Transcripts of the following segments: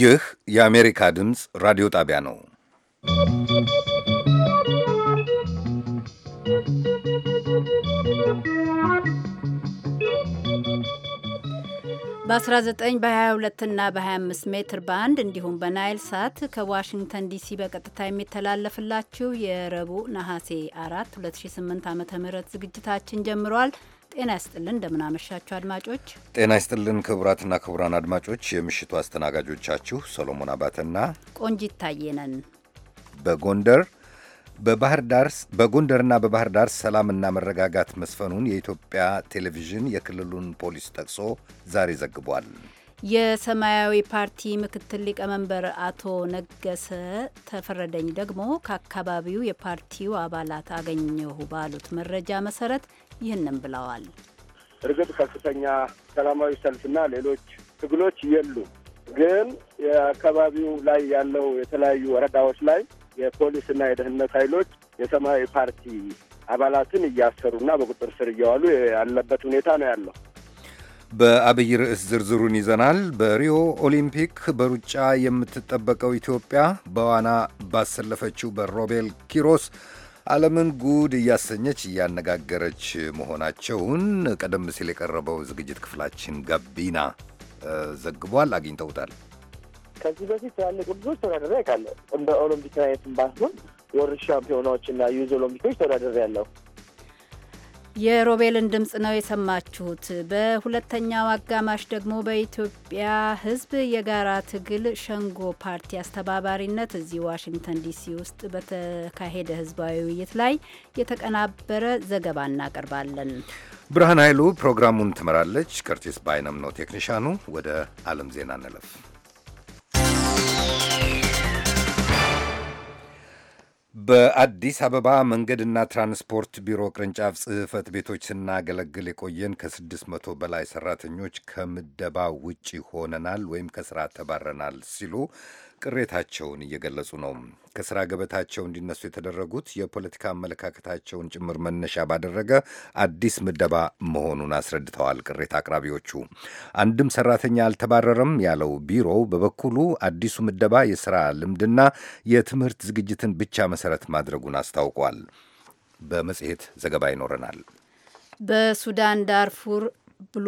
ይህ የአሜሪካ ድምፅ ራዲዮ ጣቢያ ነው። በ19 በ22 እና በ25 ሜትር ባንድ እንዲሁም በናይል ሳት ከዋሽንግተን ዲሲ በቀጥታ የሚተላለፍላችሁ የረቡዕ ነሐሴ 4 2008 ዓ ም ዝግጅታችን ጀምሯል። ጤና ይስጥልን። እንደምናመሻችሁ አድማጮች። ጤና ይስጥልን ክቡራትና ክቡራን አድማጮች የምሽቱ አስተናጋጆቻችሁ ሰሎሞን አባተና ቆንጂት ታየ ነን። በጎንደር በባህር ዳር በጎንደርና በባህር ዳር ሰላምና መረጋጋት መስፈኑን የኢትዮጵያ ቴሌቪዥን የክልሉን ፖሊስ ጠቅሶ ዛሬ ዘግቧል። የሰማያዊ ፓርቲ ምክትል ሊቀመንበር አቶ ነገሰ ተፈረደኝ ደግሞ ከአካባቢው የፓርቲው አባላት አገኘሁ ባሉት መረጃ መሰረት ይህንም ብለዋል። እርግጥ ከፍተኛ ሰላማዊ ሰልፍና ሌሎች ትግሎች የሉ፣ ግን የአካባቢው ላይ ያለው የተለያዩ ወረዳዎች ላይ የፖሊስና የደህንነት ኃይሎች የሰማያዊ ፓርቲ አባላትን እያሰሩና በቁጥር ስር እየዋሉ ያለበት ሁኔታ ነው ያለው። በአብይ ርዕስ ዝርዝሩን ይዘናል። በሪዮ ኦሊምፒክ በሩጫ የምትጠበቀው ኢትዮጵያ በዋና ባሰለፈችው በሮቤል ኪሮስ ዓለምን ጉድ እያሰኘች እያነጋገረች መሆናቸውን ቀደም ሲል የቀረበው ዝግጅት ክፍላችን ጋቢና ዘግቧል። አግኝተውታል። ከዚህ በፊት ትላልቅ ብዙዎች ተወዳደሪ ያውቃለሁ። እንደ ኦሎምፒክ አይነትን ባስሆን ወርልድ ሻምፒዮናዎች እና ዩዝ ኦሎምፒኮች ተወዳደሪ ያለው የሮቤልን ድምፅ ነው የሰማችሁት። በሁለተኛው አጋማሽ ደግሞ በኢትዮጵያ ሕዝብ የጋራ ትግል ሸንጎ ፓርቲ አስተባባሪነት እዚህ ዋሽንግተን ዲሲ ውስጥ በተካሄደ ሕዝባዊ ውይይት ላይ የተቀናበረ ዘገባ እናቀርባለን። ብርሃን ኃይሉ ፕሮግራሙን ትመራለች። ከርቲስ ባይነም ነው ቴክኒሻኑ። ወደ ዓለም ዜና እንለፍ። በአዲስ አበባ መንገድና ትራንስፖርት ቢሮ ቅርንጫፍ ጽህፈት ቤቶች ስናገለግል የቆየን ከ መቶ በላይ ሰራተኞች ከምደባ ውጭ ሆነናል ወይም ከስራ ተባረናል ሲሉ ቅሬታቸውን እየገለጹ ነው። ከስራ ገበታቸው እንዲነሱ የተደረጉት የፖለቲካ አመለካከታቸውን ጭምር መነሻ ባደረገ አዲስ ምደባ መሆኑን አስረድተዋል። ቅሬታ አቅራቢዎቹ አንድም ሰራተኛ አልተባረረም ያለው ቢሮው በበኩሉ አዲሱ ምደባ የስራ ልምድና የትምህርት ዝግጅትን ብቻ መሰረት ማድረጉን አስታውቋል። በመጽሔት ዘገባ ይኖረናል። በሱዳን ዳርፉር ብሉ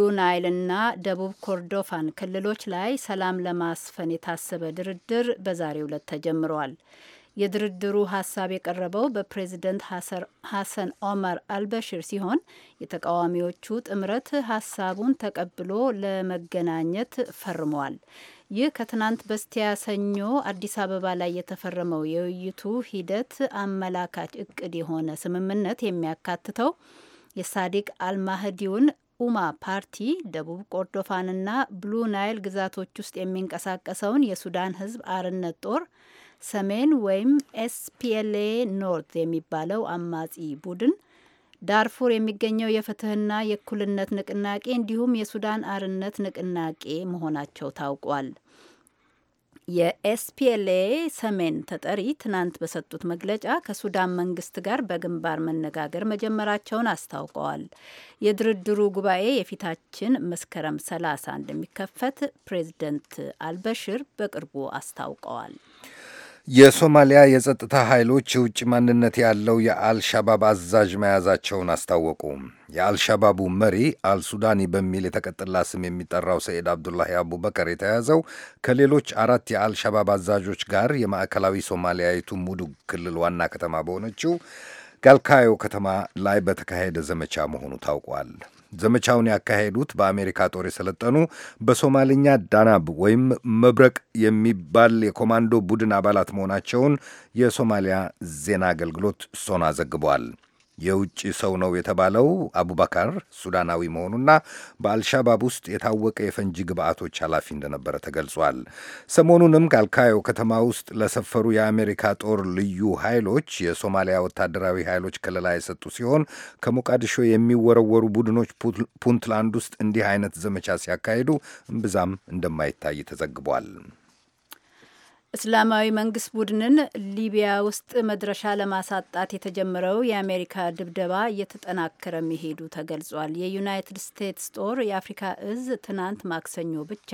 እና ደቡብ ኮርዶፋን ክልሎች ላይ ሰላም ለማስፈን የታሰበ ድርድር በዛሬው ዕለት ተጀምሯል። የድርድሩ ሀሳብ የቀረበው በፕሬዝደንት ሀሰን ኦመር አልበሽር ሲሆን የተቃዋሚዎቹ ጥምረት ሀሳቡን ተቀብሎ ለመገናኘት ፈርሟል። ይህ ከትናንት በስቲያ ሰኞ አዲስ አበባ ላይ የተፈረመው የውይይቱ ሂደት አመላካች እቅድ የሆነ ስምምነት የሚያካትተው የሳዲቅ አልማህዲውን ኡማ ፓርቲ ደቡብ ቆርዶፋንና ብሉ ናይል ግዛቶች ውስጥ የሚንቀሳቀሰውን የሱዳን ሕዝብ አርነት ጦር ሰሜን ወይም ኤስፒኤልኤ ኖርት የሚባለው አማጺ ቡድን ዳርፉር የሚገኘው የፍትህና የእኩልነት ንቅናቄ እንዲሁም የሱዳን አርነት ንቅናቄ መሆናቸው ታውቋል። የኤስፒኤልኤ ሰሜን ተጠሪ ትናንት በሰጡት መግለጫ ከሱዳን መንግስት ጋር በግንባር መነጋገር መጀመራቸውን አስታውቀዋል። የድርድሩ ጉባኤ የፊታችን መስከረም 30 እንደሚከፈት ፕሬዚደንት አልበሽር በቅርቡ አስታውቀዋል። የሶማሊያ የጸጥታ ኃይሎች የውጭ ማንነት ያለው የአልሻባብ አዛዥ መያዛቸውን አስታወቁ። የአልሻባቡ መሪ አልሱዳኒ በሚል የተቀጥላ ስም የሚጠራው ሰኢድ አብዱላሂ አቡበከር የተያዘው ከሌሎች አራት የአልሻባብ አዛዦች ጋር የማዕከላዊ ሶማሊያዊቱ ሙዱግ ክልል ዋና ከተማ በሆነችው ጋልካዮ ከተማ ላይ በተካሄደ ዘመቻ መሆኑ ታውቋል። ዘመቻውን ያካሄዱት በአሜሪካ ጦር የሰለጠኑ በሶማልኛ ዳናብ ወይም መብረቅ የሚባል የኮማንዶ ቡድን አባላት መሆናቸውን የሶማሊያ ዜና አገልግሎት ሶና ዘግቧል። የውጭ ሰው ነው የተባለው አቡባካር ሱዳናዊ መሆኑና በአልሻባብ ውስጥ የታወቀ የፈንጂ ግብአቶች ኃላፊ እንደነበረ ተገልጿል። ሰሞኑንም ካልካዮ ከተማ ውስጥ ለሰፈሩ የአሜሪካ ጦር ልዩ ኃይሎች የሶማሊያ ወታደራዊ ኃይሎች ከለላ የሰጡ ሲሆን ከሞቃዲሾ የሚወረወሩ ቡድኖች ፑንትላንድ ውስጥ እንዲህ አይነት ዘመቻ ሲያካሂዱ እምብዛም እንደማይታይ ተዘግቧል። እስላማዊ መንግስት ቡድንን ሊቢያ ውስጥ መድረሻ ለማሳጣት የተጀመረው የአሜሪካ ድብደባ እየተጠናከረ መሄዱ ተገልጿል። የዩናይትድ ስቴትስ ጦር የአፍሪካ እዝ ትናንት ማክሰኞ ብቻ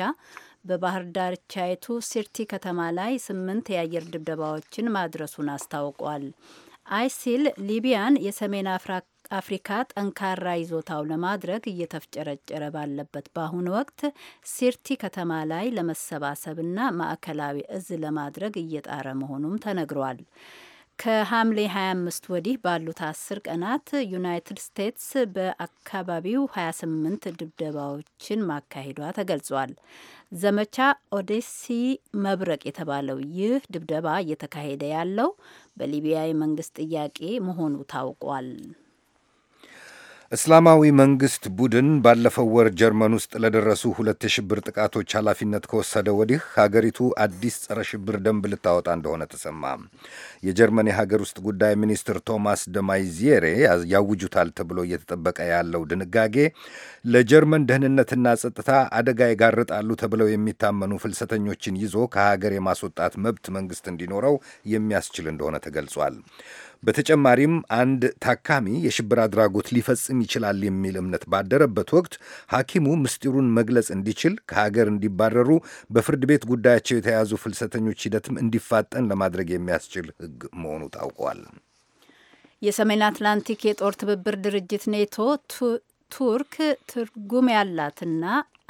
በባህር ዳርቻይቱ ሲርቲ ከተማ ላይ ስምንት የአየር ድብደባዎችን ማድረሱን አስታውቋል። አይሲል ሊቢያን የሰሜን አፍራ አፍሪካ ጠንካራ ይዞታው ለማድረግ እየተፍጨረጨረ ባለበት በአሁኑ ወቅት ሲርቲ ከተማ ላይ ለመሰባሰብና ማዕከላዊ እዝ ለማድረግ እየጣረ መሆኑም ተነግሯል። ከሐምሌ 25 ወዲህ ባሉት አስር ቀናት ዩናይትድ ስቴትስ በአካባቢው 28 ድብደባዎችን ማካሄዷ ተገልጿል። ዘመቻ ኦዴሲ መብረቅ የተባለው ይህ ድብደባ እየተካሄደ ያለው በሊቢያ የመንግስት ጥያቄ መሆኑ ታውቋል። እስላማዊ መንግሥት ቡድን ባለፈው ወር ጀርመን ውስጥ ለደረሱ ሁለት የሽብር ጥቃቶች ኃላፊነት ከወሰደ ወዲህ ሀገሪቱ አዲስ ጸረ ሽብር ደንብ ልታወጣ እንደሆነ ተሰማ። የጀርመን የሀገር ውስጥ ጉዳይ ሚኒስትር ቶማስ ደማይዚየሬ ያውጁታል ተብሎ እየተጠበቀ ያለው ድንጋጌ ለጀርመን ደህንነትና ጸጥታ አደጋ ይጋርጣሉ ተብለው የሚታመኑ ፍልሰተኞችን ይዞ ከሀገር የማስወጣት መብት መንግሥት እንዲኖረው የሚያስችል እንደሆነ ተገልጿል። በተጨማሪም አንድ ታካሚ የሽብር አድራጎት ሊፈጽም ይችላል የሚል እምነት ባደረበት ወቅት ሐኪሙ ምስጢሩን መግለጽ እንዲችል ከሀገር እንዲባረሩ በፍርድ ቤት ጉዳያቸው የተያዙ ፍልሰተኞች ሂደትም እንዲፋጠን ለማድረግ የሚያስችል ሕግ መሆኑ ታውቋል። የሰሜን አትላንቲክ የጦር ትብብር ድርጅት ኔቶ ቱርክ ትርጉም ያላትና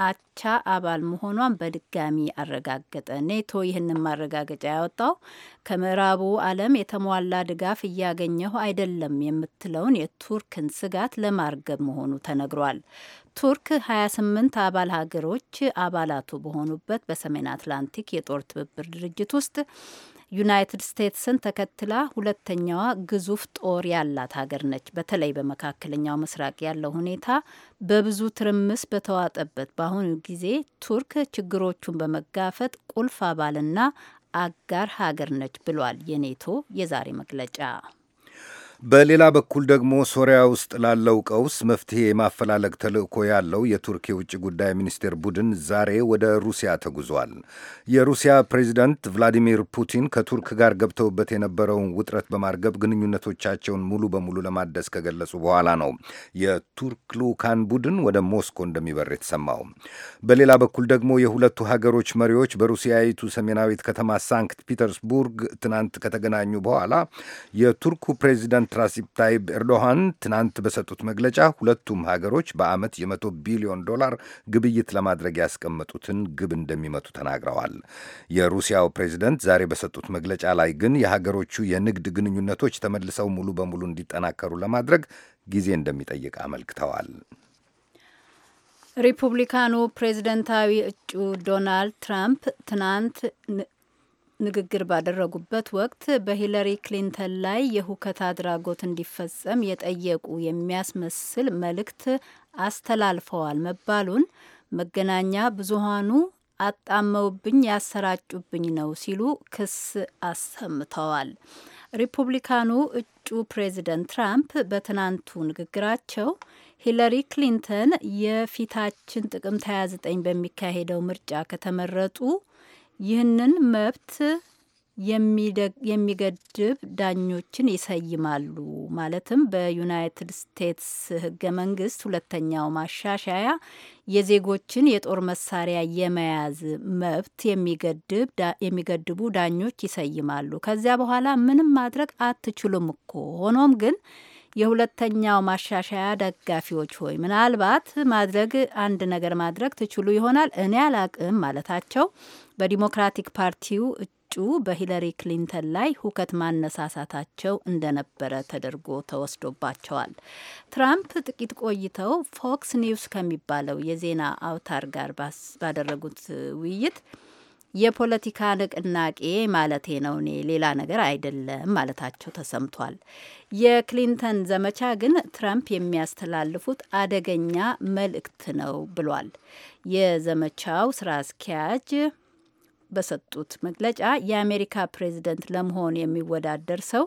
አቻ አባል መሆኗን በድጋሚ አረጋገጠ። ኔቶ ይህንን ማረጋገጫ ያወጣው ከምዕራቡ ዓለም የተሟላ ድጋፍ እያገኘሁ አይደለም የምትለውን የቱርክን ስጋት ለማርገብ መሆኑ ተነግሯል። ቱርክ 28 አባል ሀገሮች አባላቱ በሆኑበት በሰሜን አትላንቲክ የጦር ትብብር ድርጅት ውስጥ ዩናይትድ ስቴትስን ተከትላ ሁለተኛዋ ግዙፍ ጦር ያላት ሀገር ነች። በተለይ በመካከለኛው ምስራቅ ያለው ሁኔታ በብዙ ትርምስ በተዋጠበት በአሁኑ ጊዜ ቱርክ ችግሮቹን በመጋፈጥ ቁልፍ አባልና አጋር ሀገር ነች ብሏል የኔቶ የዛሬ መግለጫ። በሌላ በኩል ደግሞ ሶሪያ ውስጥ ላለው ቀውስ መፍትሄ የማፈላለግ ተልዕኮ ያለው የቱርክ የውጭ ጉዳይ ሚኒስቴር ቡድን ዛሬ ወደ ሩሲያ ተጉዟል። የሩሲያ ፕሬዚዳንት ቭላዲሚር ፑቲን ከቱርክ ጋር ገብተውበት የነበረውን ውጥረት በማርገብ ግንኙነቶቻቸውን ሙሉ በሙሉ ለማደስ ከገለጹ በኋላ ነው የቱርክ ልዑካን ቡድን ወደ ሞስኮ እንደሚበር የተሰማው። በሌላ በኩል ደግሞ የሁለቱ ሀገሮች መሪዎች በሩሲያዊቱ ሰሜናዊት ከተማ ሳንክት ፒተርስቡርግ ትናንት ከተገናኙ በኋላ የቱርኩ ፕሬዚዳንት ራሲብ ታይብ ኤርዶሃን ትናንት በሰጡት መግለጫ ሁለቱም ሀገሮች በዓመት የመቶ ቢሊዮን ዶላር ግብይት ለማድረግ ያስቀመጡትን ግብ እንደሚመቱ ተናግረዋል። የሩሲያው ፕሬዚደንት ዛሬ በሰጡት መግለጫ ላይ ግን የሀገሮቹ የንግድ ግንኙነቶች ተመልሰው ሙሉ በሙሉ እንዲጠናከሩ ለማድረግ ጊዜ እንደሚጠይቅ አመልክተዋል። ሪፑብሊካኑ ፕሬዝደንታዊ እጩ ዶናልድ ትራምፕ ትናንት ንግግር ባደረጉበት ወቅት በሂለሪ ክሊንተን ላይ የሁከት አድራጎት እንዲፈጸም የጠየቁ የሚያስመስል መልእክት አስተላልፈዋል መባሉን መገናኛ ብዙሃኑ አጣመውብኝ ያሰራጩብኝ ነው ሲሉ ክስ አሰምተዋል። ሪፑብሊካኑ እጩ ፕሬዚደንት ትራምፕ በትናንቱ ንግግራቸው ሂለሪ ክሊንተን የፊታችን ጥቅምት 29 በሚካሄደው ምርጫ ከተመረጡ ይህንን መብት የሚገድብ ዳኞችን ይሰይማሉ። ማለትም በዩናይትድ ስቴትስ ህገ መንግስት ሁለተኛው ማሻሻያ የዜጎችን የጦር መሳሪያ የመያዝ መብት የሚገድቡ ዳኞች ይሰይማሉ። ከዚያ በኋላ ምንም ማድረግ አትችሉም እኮ ሆኖም ግን የሁለተኛው ማሻሻያ ደጋፊዎች ሆይ ምናልባት ማድረግ አንድ ነገር ማድረግ ትችሉ ይሆናል እኔ አላቅም ማለታቸው በዲሞክራቲክ ፓርቲው እጩ በሂለሪ ክሊንተን ላይ ሁከት ማነሳሳታቸው እንደነበረ ተደርጎ ተወስዶባቸዋል። ትራምፕ ጥቂት ቆይተው ፎክስ ኒውስ ከሚባለው የዜና አውታር ጋር ባደረጉት ውይይት የፖለቲካ ንቅናቄ ማለቴ ነው እኔ ሌላ ነገር አይደለም ማለታቸው ተሰምቷል። የክሊንተን ዘመቻ ግን ትራምፕ የሚያስተላልፉት አደገኛ መልእክት ነው ብሏል። የዘመቻው ስራ አስኪያጅ በሰጡት መግለጫ የአሜሪካ ፕሬዚደንት ለመሆን የሚወዳደር ሰው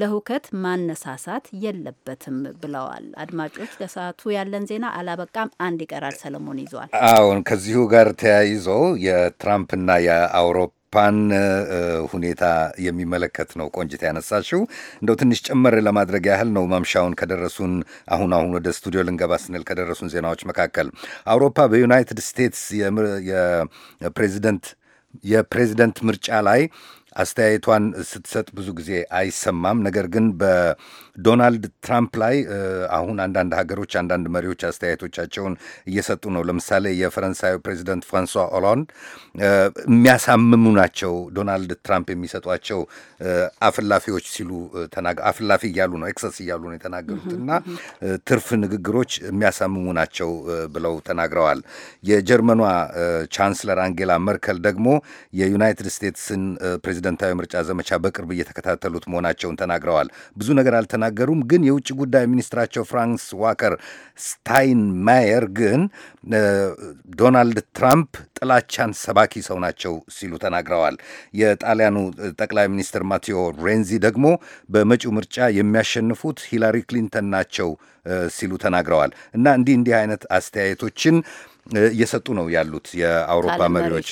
ለሁከት ማነሳሳት የለበትም ብለዋል። አድማጮች፣ ለሰዓቱ ያለን ዜና አላበቃም። አንድ ይቀራል። ሰለሞን ይዟል። አሁን ከዚሁ ጋር ተያይዞ የትራምፕና የአውሮፓን ፓን ሁኔታ የሚመለከት ነው። ቆንጅት ያነሳሽው እንደው ትንሽ ጭምር ለማድረግ ያህል ነው። ማምሻውን ከደረሱን አሁን አሁን ወደ ስቱዲዮ ልንገባ ስንል ከደረሱን ዜናዎች መካከል አውሮፓ በዩናይትድ ስቴትስ የፕሬዚደንት የፕሬዚደንት ምርጫ ላይ አስተያየቷን ስትሰጥ ብዙ ጊዜ አይሰማም። ነገር ግን በ ዶናልድ ትራምፕ ላይ አሁን አንዳንድ ሀገሮች አንዳንድ መሪዎች አስተያየቶቻቸውን እየሰጡ ነው። ለምሳሌ የፈረንሳዩ ፕሬዚደንት ፍራንሷ ኦላንድ የሚያሳምሙ ናቸው ዶናልድ ትራምፕ የሚሰጧቸው አፍላፊዎች ሲሉ አፍላፊ እያሉ ነው ኤክሰስ እያሉ ነው የተናገሩት እና ትርፍ ንግግሮች የሚያሳምሙ ናቸው ብለው ተናግረዋል። የጀርመኗ ቻንስለር አንጌላ መርከል ደግሞ የዩናይትድ ስቴትስን ፕሬዚደንታዊ ምርጫ ዘመቻ በቅርብ እየተከታተሉት መሆናቸውን ተናግረዋል። ብዙ ነገር አልተናገ ቢናገሩም ግን የውጭ ጉዳይ ሚኒስትራቸው ፍራንስ ዋከር ስታይንማየር ግን ዶናልድ ትራምፕ ጥላቻን ሰባኪ ሰው ናቸው ሲሉ ተናግረዋል። የጣሊያኑ ጠቅላይ ሚኒስትር ማቴዎ ሬንዚ ደግሞ በመጪው ምርጫ የሚያሸንፉት ሂላሪ ክሊንተን ናቸው ሲሉ ተናግረዋል እና እንዲህ እንዲህ አይነት አስተያየቶችን እየሰጡ ነው ያሉት የአውሮፓ መሪዎች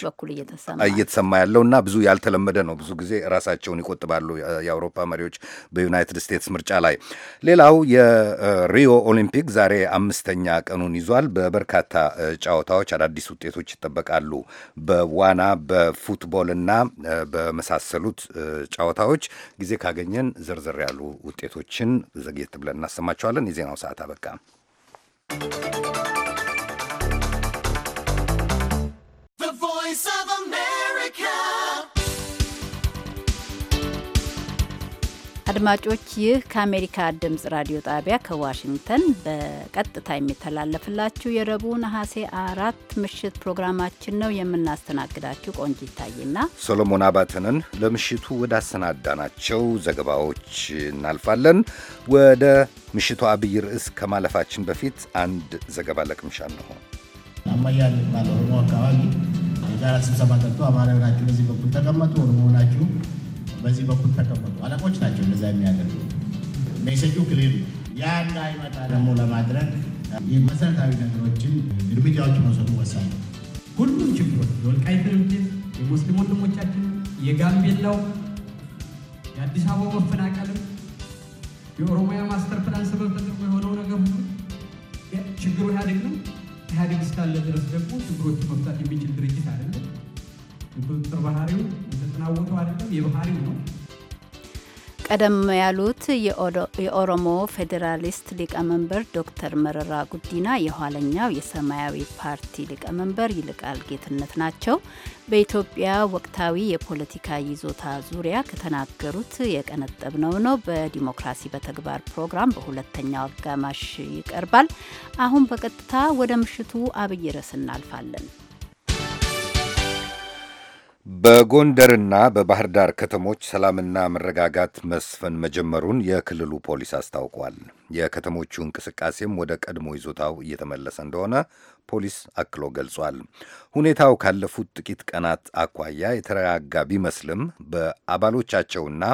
እየተሰማ ያለው እና ብዙ ያልተለመደ ነው። ብዙ ጊዜ ራሳቸውን ይቆጥባሉ የአውሮፓ መሪዎች በዩናይትድ ስቴትስ ምርጫ ላይ። ሌላው የሪዮ ኦሊምፒክ ዛሬ አምስተኛ ቀኑን ይዟል። በበርካታ ጨዋታዎች አዳዲስ ውጤቶች ይጠበቃሉ። በዋና በፉትቦልና በመሳሰሉት ጨዋታዎች ጊዜ ካገኘን ዝርዝር ያሉ ውጤቶችን ዘግየት ብለን እናሰማቸዋለን። የዜናው ሰዓት አበቃ። አድማጮች ይህ ከአሜሪካ ድምፅ ራዲዮ ጣቢያ ከዋሽንግተን በቀጥታ የሚተላለፍላችሁ የረቡዕ ነሐሴ አራት ምሽት ፕሮግራማችን ነው። የምናስተናግዳችሁ ቆንጅ ይታይና ሰሎሞን አባተንን። ለምሽቱ ወደ አሰናዳናቸው ዘገባዎች እናልፋለን። ወደ ምሽቱ አብይ ርዕስ ከማለፋችን በፊት አንድ ዘገባ ለቅምሻ እንሆ አማያ ባለሆኑ አካባቢ የጋራ ስብሰባ ጠርቶ አማራ ናችሁ በዚህ በኩል ተቀመጡ ሆናችሁ በዚህ በኩል ተቀመጡ። አለቆች ናቸው እንደዛ የሚያደርጉ። ሜሴጁ ክሊር ነው። ያ እንዳይመጣ ደግሞ ለማድረግ መሰረታዊ ነገሮችን እርምጃዎች መውሰዱ ወሳኝ ነው። ሁሉም ችግሮች የወልቃይትንም የሙስሊም ወንድሞቻችን የጋምቤላው የአዲስ አበባ መፈናቀልም የኦሮሚያ ማስተር ፕላን ሰበብ የሆነው ነገር ሁሉ ችግሩ ኢህአዴግ ነው። ኢህአዴግ እስካለ ድረስ ደግሞ ችግሮቹ መፍታት የሚችል ድርጅት አይደለም። ቁጥጥር ባህሪው አይደለም፣ የባህሪው ነው። ቀደም ያሉት የኦሮሞ ፌዴራሊስት ሊቀመንበር ዶክተር መረራ ጉዲና የኋለኛው የሰማያዊ ፓርቲ ሊቀመንበር ይልቃል ጌትነት ናቸው። በኢትዮጵያ ወቅታዊ የፖለቲካ ይዞታ ዙሪያ ከተናገሩት የቀነጠብነው ነው። በዲሞክራሲ በተግባር ፕሮግራም በሁለተኛው አጋማሽ ይቀርባል። አሁን በቀጥታ ወደ ምሽቱ አብይ ርዕስ እናልፋለን። በጎንደርና በባህር ዳር ከተሞች ሰላምና መረጋጋት መስፈን መጀመሩን የክልሉ ፖሊስ አስታውቋል። የከተሞቹ እንቅስቃሴም ወደ ቀድሞ ይዞታው እየተመለሰ እንደሆነ ፖሊስ አክሎ ገልጿል። ሁኔታው ካለፉት ጥቂት ቀናት አኳያ የተረጋጋ ቢመስልም በአባሎቻቸውና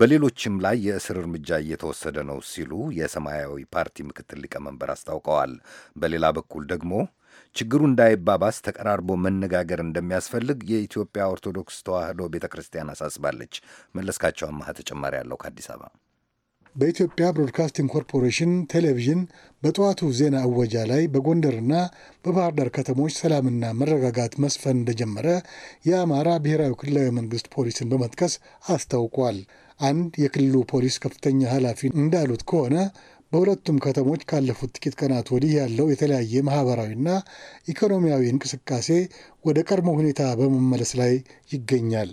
በሌሎችም ላይ የእስር እርምጃ እየተወሰደ ነው ሲሉ የሰማያዊ ፓርቲ ምክትል ሊቀመንበር አስታውቀዋል። በሌላ በኩል ደግሞ ችግሩ እንዳይባባስ ተቀራርቦ መነጋገር እንደሚያስፈልግ የኢትዮጵያ ኦርቶዶክስ ተዋሕዶ ቤተ ክርስቲያን አሳስባለች። መለስካቸው አማሃ ተጨማሪ አለው ከአዲስ አበባ። በኢትዮጵያ ብሮድካስቲንግ ኮርፖሬሽን ቴሌቪዥን በጠዋቱ ዜና እወጃ ላይ በጎንደርና በባህር ዳር ከተሞች ሰላምና መረጋጋት መስፈን እንደጀመረ የአማራ ብሔራዊ ክልላዊ መንግስት ፖሊስን በመጥቀስ አስታውቋል። አንድ የክልሉ ፖሊስ ከፍተኛ ኃላፊ እንዳሉት ከሆነ በሁለቱም ከተሞች ካለፉት ጥቂት ቀናት ወዲህ ያለው የተለያየ ማህበራዊና ኢኮኖሚያዊ እንቅስቃሴ ወደ ቀድሞ ሁኔታ በመመለስ ላይ ይገኛል።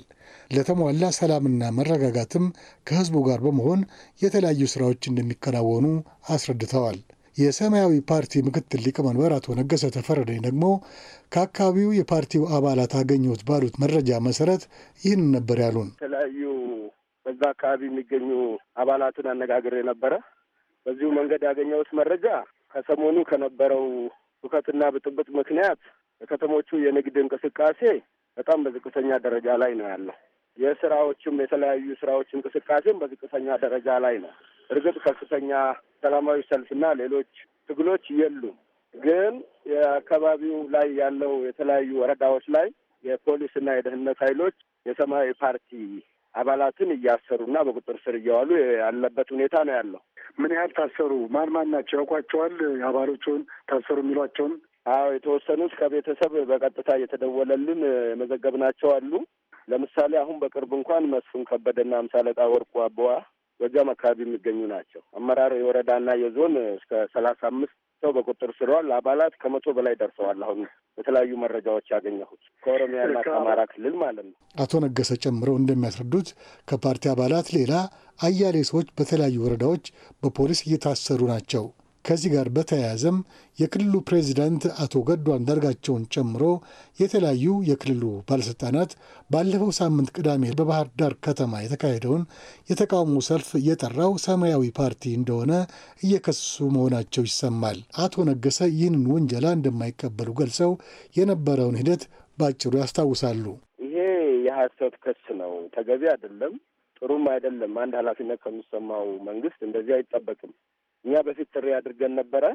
ለተሟላ ሰላምና መረጋጋትም ከህዝቡ ጋር በመሆን የተለያዩ ስራዎች እንደሚከናወኑ አስረድተዋል። የሰማያዊ ፓርቲ ምክትል ሊቀመንበር አቶ ነገሰ ተፈረደኝ ደግሞ ከአካባቢው የፓርቲው አባላት አገኘሁት ባሉት መረጃ መሰረት ይህን ነበር ያሉን። የተለያዩ በዛ አካባቢ የሚገኙ አባላትን አነጋግሬ ነበረ። በዚሁ መንገድ ያገኘሁት መረጃ ከሰሞኑ ከነበረው ሁከትና ብጥብጥ ምክንያት የከተሞቹ የንግድ እንቅስቃሴ በጣም በዝቅተኛ ደረጃ ላይ ነው ያለው። የስራዎችም የተለያዩ ስራዎች እንቅስቃሴም በዝቅተኛ ደረጃ ላይ ነው። እርግጥ ከፍተኛ ሰላማዊ ሰልፍና ሌሎች ትግሎች የሉም። ግን የአካባቢው ላይ ያለው የተለያዩ ወረዳዎች ላይ የፖሊስና የደህንነት ኃይሎች የሰማያዊ ፓርቲ አባላትን እያሰሩና በቁጥር ስር እያዋሉ ያለበት ሁኔታ ነው ያለው። ምን ያህል ታሰሩ? ማን ማን ናቸው? ያውቋቸዋል? አባሎቹን ታሰሩ የሚሏቸውን? አዎ የተወሰኑት ከቤተሰብ በቀጥታ እየተደወለልን ናቸው አሉ። ለምሳሌ አሁን በቅርብ እንኳን መስፍን ከበደና አምሳ አለቃ ወርቁ አበዋ ጎጃም አካባቢ የሚገኙ ናቸው። አመራር የወረዳና የዞን እስከ ሰላሳ አምስት ሰው በቁጥር ስሯል። አባላት ከመቶ በላይ ደርሰዋል። አሁን በተለያዩ መረጃዎች ያገኘሁት ከኦሮሚያና ከአማራ ክልል ማለት ነው። አቶ ነገሰ ጨምረው እንደሚያስረዱት ከፓርቲ አባላት ሌላ አያሌ ሰዎች በተለያዩ ወረዳዎች በፖሊስ እየታሰሩ ናቸው። ከዚህ ጋር በተያያዘም የክልሉ ፕሬዚዳንት አቶ ገዱ አንዳርጋቸውን ጨምሮ የተለያዩ የክልሉ ባለሥልጣናት ባለፈው ሳምንት ቅዳሜ በባህር ዳር ከተማ የተካሄደውን የተቃውሞ ሰልፍ የጠራው ሰማያዊ ፓርቲ እንደሆነ እየከሱ መሆናቸው ይሰማል። አቶ ነገሰ ይህንን ውንጀላ እንደማይቀበሉ ገልጸው የነበረውን ሂደት በአጭሩ ያስታውሳሉ። ይሄ የሐሰት ክስ ነው፣ ተገቢ አይደለም፣ ጥሩም አይደለም። አንድ ኃላፊነት ከሚሰማው መንግስት እንደዚህ አይጠበቅም። እኛ በፊት ጥሪ አድርገን ነበረ።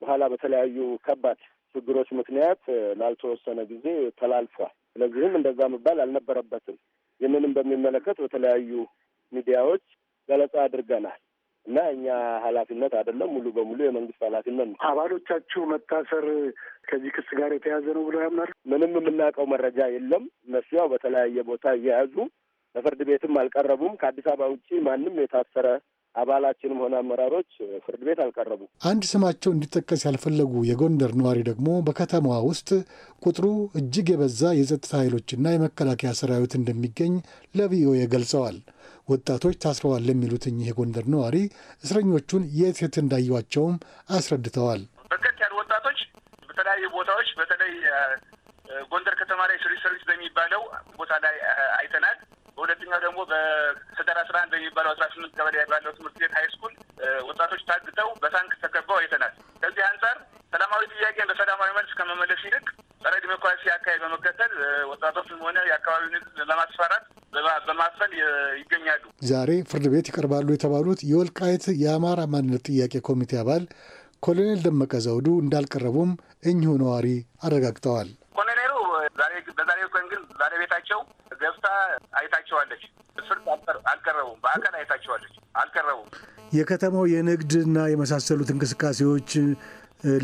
በኋላ በተለያዩ ከባድ ችግሮች ምክንያት ላልተወሰነ ጊዜ ተላልፏል። ስለዚህም እንደዛ መባል አልነበረበትም። ይህንንም በሚመለከት በተለያዩ ሚዲያዎች ገለጻ አድርገናል እና እኛ ኃላፊነት አይደለም ሙሉ በሙሉ የመንግስት ኃላፊነት ነው። አባሎቻችሁ መታሰር ከዚህ ክስ ጋር የተያዘ ነው ብሎ ያምናል። ምንም የምናውቀው መረጃ የለም። እነሱ ያው በተለያየ ቦታ እየያዙ ለፍርድ ቤትም አልቀረቡም። ከአዲስ አበባ ውጭ ማንም የታሰረ አባላችንም ሆነ አመራሮች ፍርድ ቤት አልቀረቡ አንድ ስማቸው እንዲጠቀስ ያልፈለጉ የጎንደር ነዋሪ ደግሞ በከተማዋ ውስጥ ቁጥሩ እጅግ የበዛ የጸጥታ ኃይሎችና የመከላከያ ሰራዊት እንደሚገኝ ለቪኦኤ ገልጸዋል። ወጣቶች ታስረዋል ለሚሉት እኚህ የጎንደር ነዋሪ እስረኞቹን የት የት እንዳዩዋቸውም አስረድተዋል። በርከት ያሉ ወጣቶች በተለያዩ ቦታዎች በተለይ ጎንደር ከተማ ላይ ስሪ ሰርቪስ በሚባለው ቦታ ላይ አይተናል። በሁለተኛው ደግሞ በሰደር አስራ አንድ በሚባለው አስራ ስምንት ቀበሌ ባለው ትምህርት ቤት ሀይ ስኩል ወጣቶች ታግተው በታንክ ተከበው አይተናል። ከዚህ አንጻር ሰላማዊ ጥያቄን በሰላማዊ መልስ ከመመለስ ይልቅ ጸረ ዲሞክራሲ አካሄድ በመከተል ወጣቶችም ሆነ የአካባቢውን ለማስፈራት በማፈን ይገኛሉ። ዛሬ ፍርድ ቤት ይቀርባሉ የተባሉት የወልቃየት የአማራ ማንነት ጥያቄ ኮሚቴ አባል ኮሎኔል ደመቀ ዘውዱ እንዳልቀረቡም እኚሁ ነዋሪ አረጋግጠዋል። የከተማው የንግድና የመሳሰሉት እንቅስቃሴዎች፣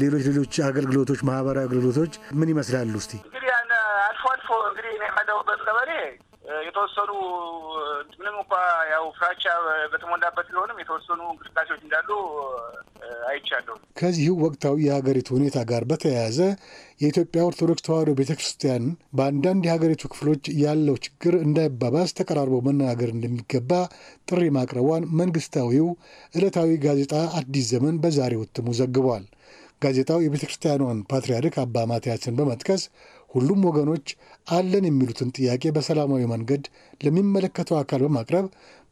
ሌሎች ሌሎች አገልግሎቶች፣ ማህበራዊ አገልግሎቶች ምን ይመስላሉ? እስቲ እንግዲህ አልፎ አልፎ እንግዲህ እኔ ቀበሌ የተወሰኑ ምንም እንኳ ያው ፍራቻ በተሞላበት ቢሆንም የተወሰኑ እንቅስቃሴዎች እንዳሉ አይቻለሁ። ከዚሁ ወቅታዊ የሀገሪቱ ሁኔታ ጋር በተያያዘ የኢትዮጵያ ኦርቶዶክስ ተዋሕዶ ቤተ ክርስቲያን በአንዳንድ የሀገሪቱ ክፍሎች ያለው ችግር እንዳይባባስ ተቀራርቦ መነጋገር እንደሚገባ ጥሪ ማቅረቧን መንግስታዊው ዕለታዊ ጋዜጣ አዲስ ዘመን በዛሬው እትሙ ዘግቧል። ጋዜጣው የቤተ ክርስቲያኗን ፓትርያርክ አባ ማትያስን በመጥቀስ ሁሉም ወገኖች አለን የሚሉትን ጥያቄ በሰላማዊ መንገድ ለሚመለከተው አካል በማቅረብ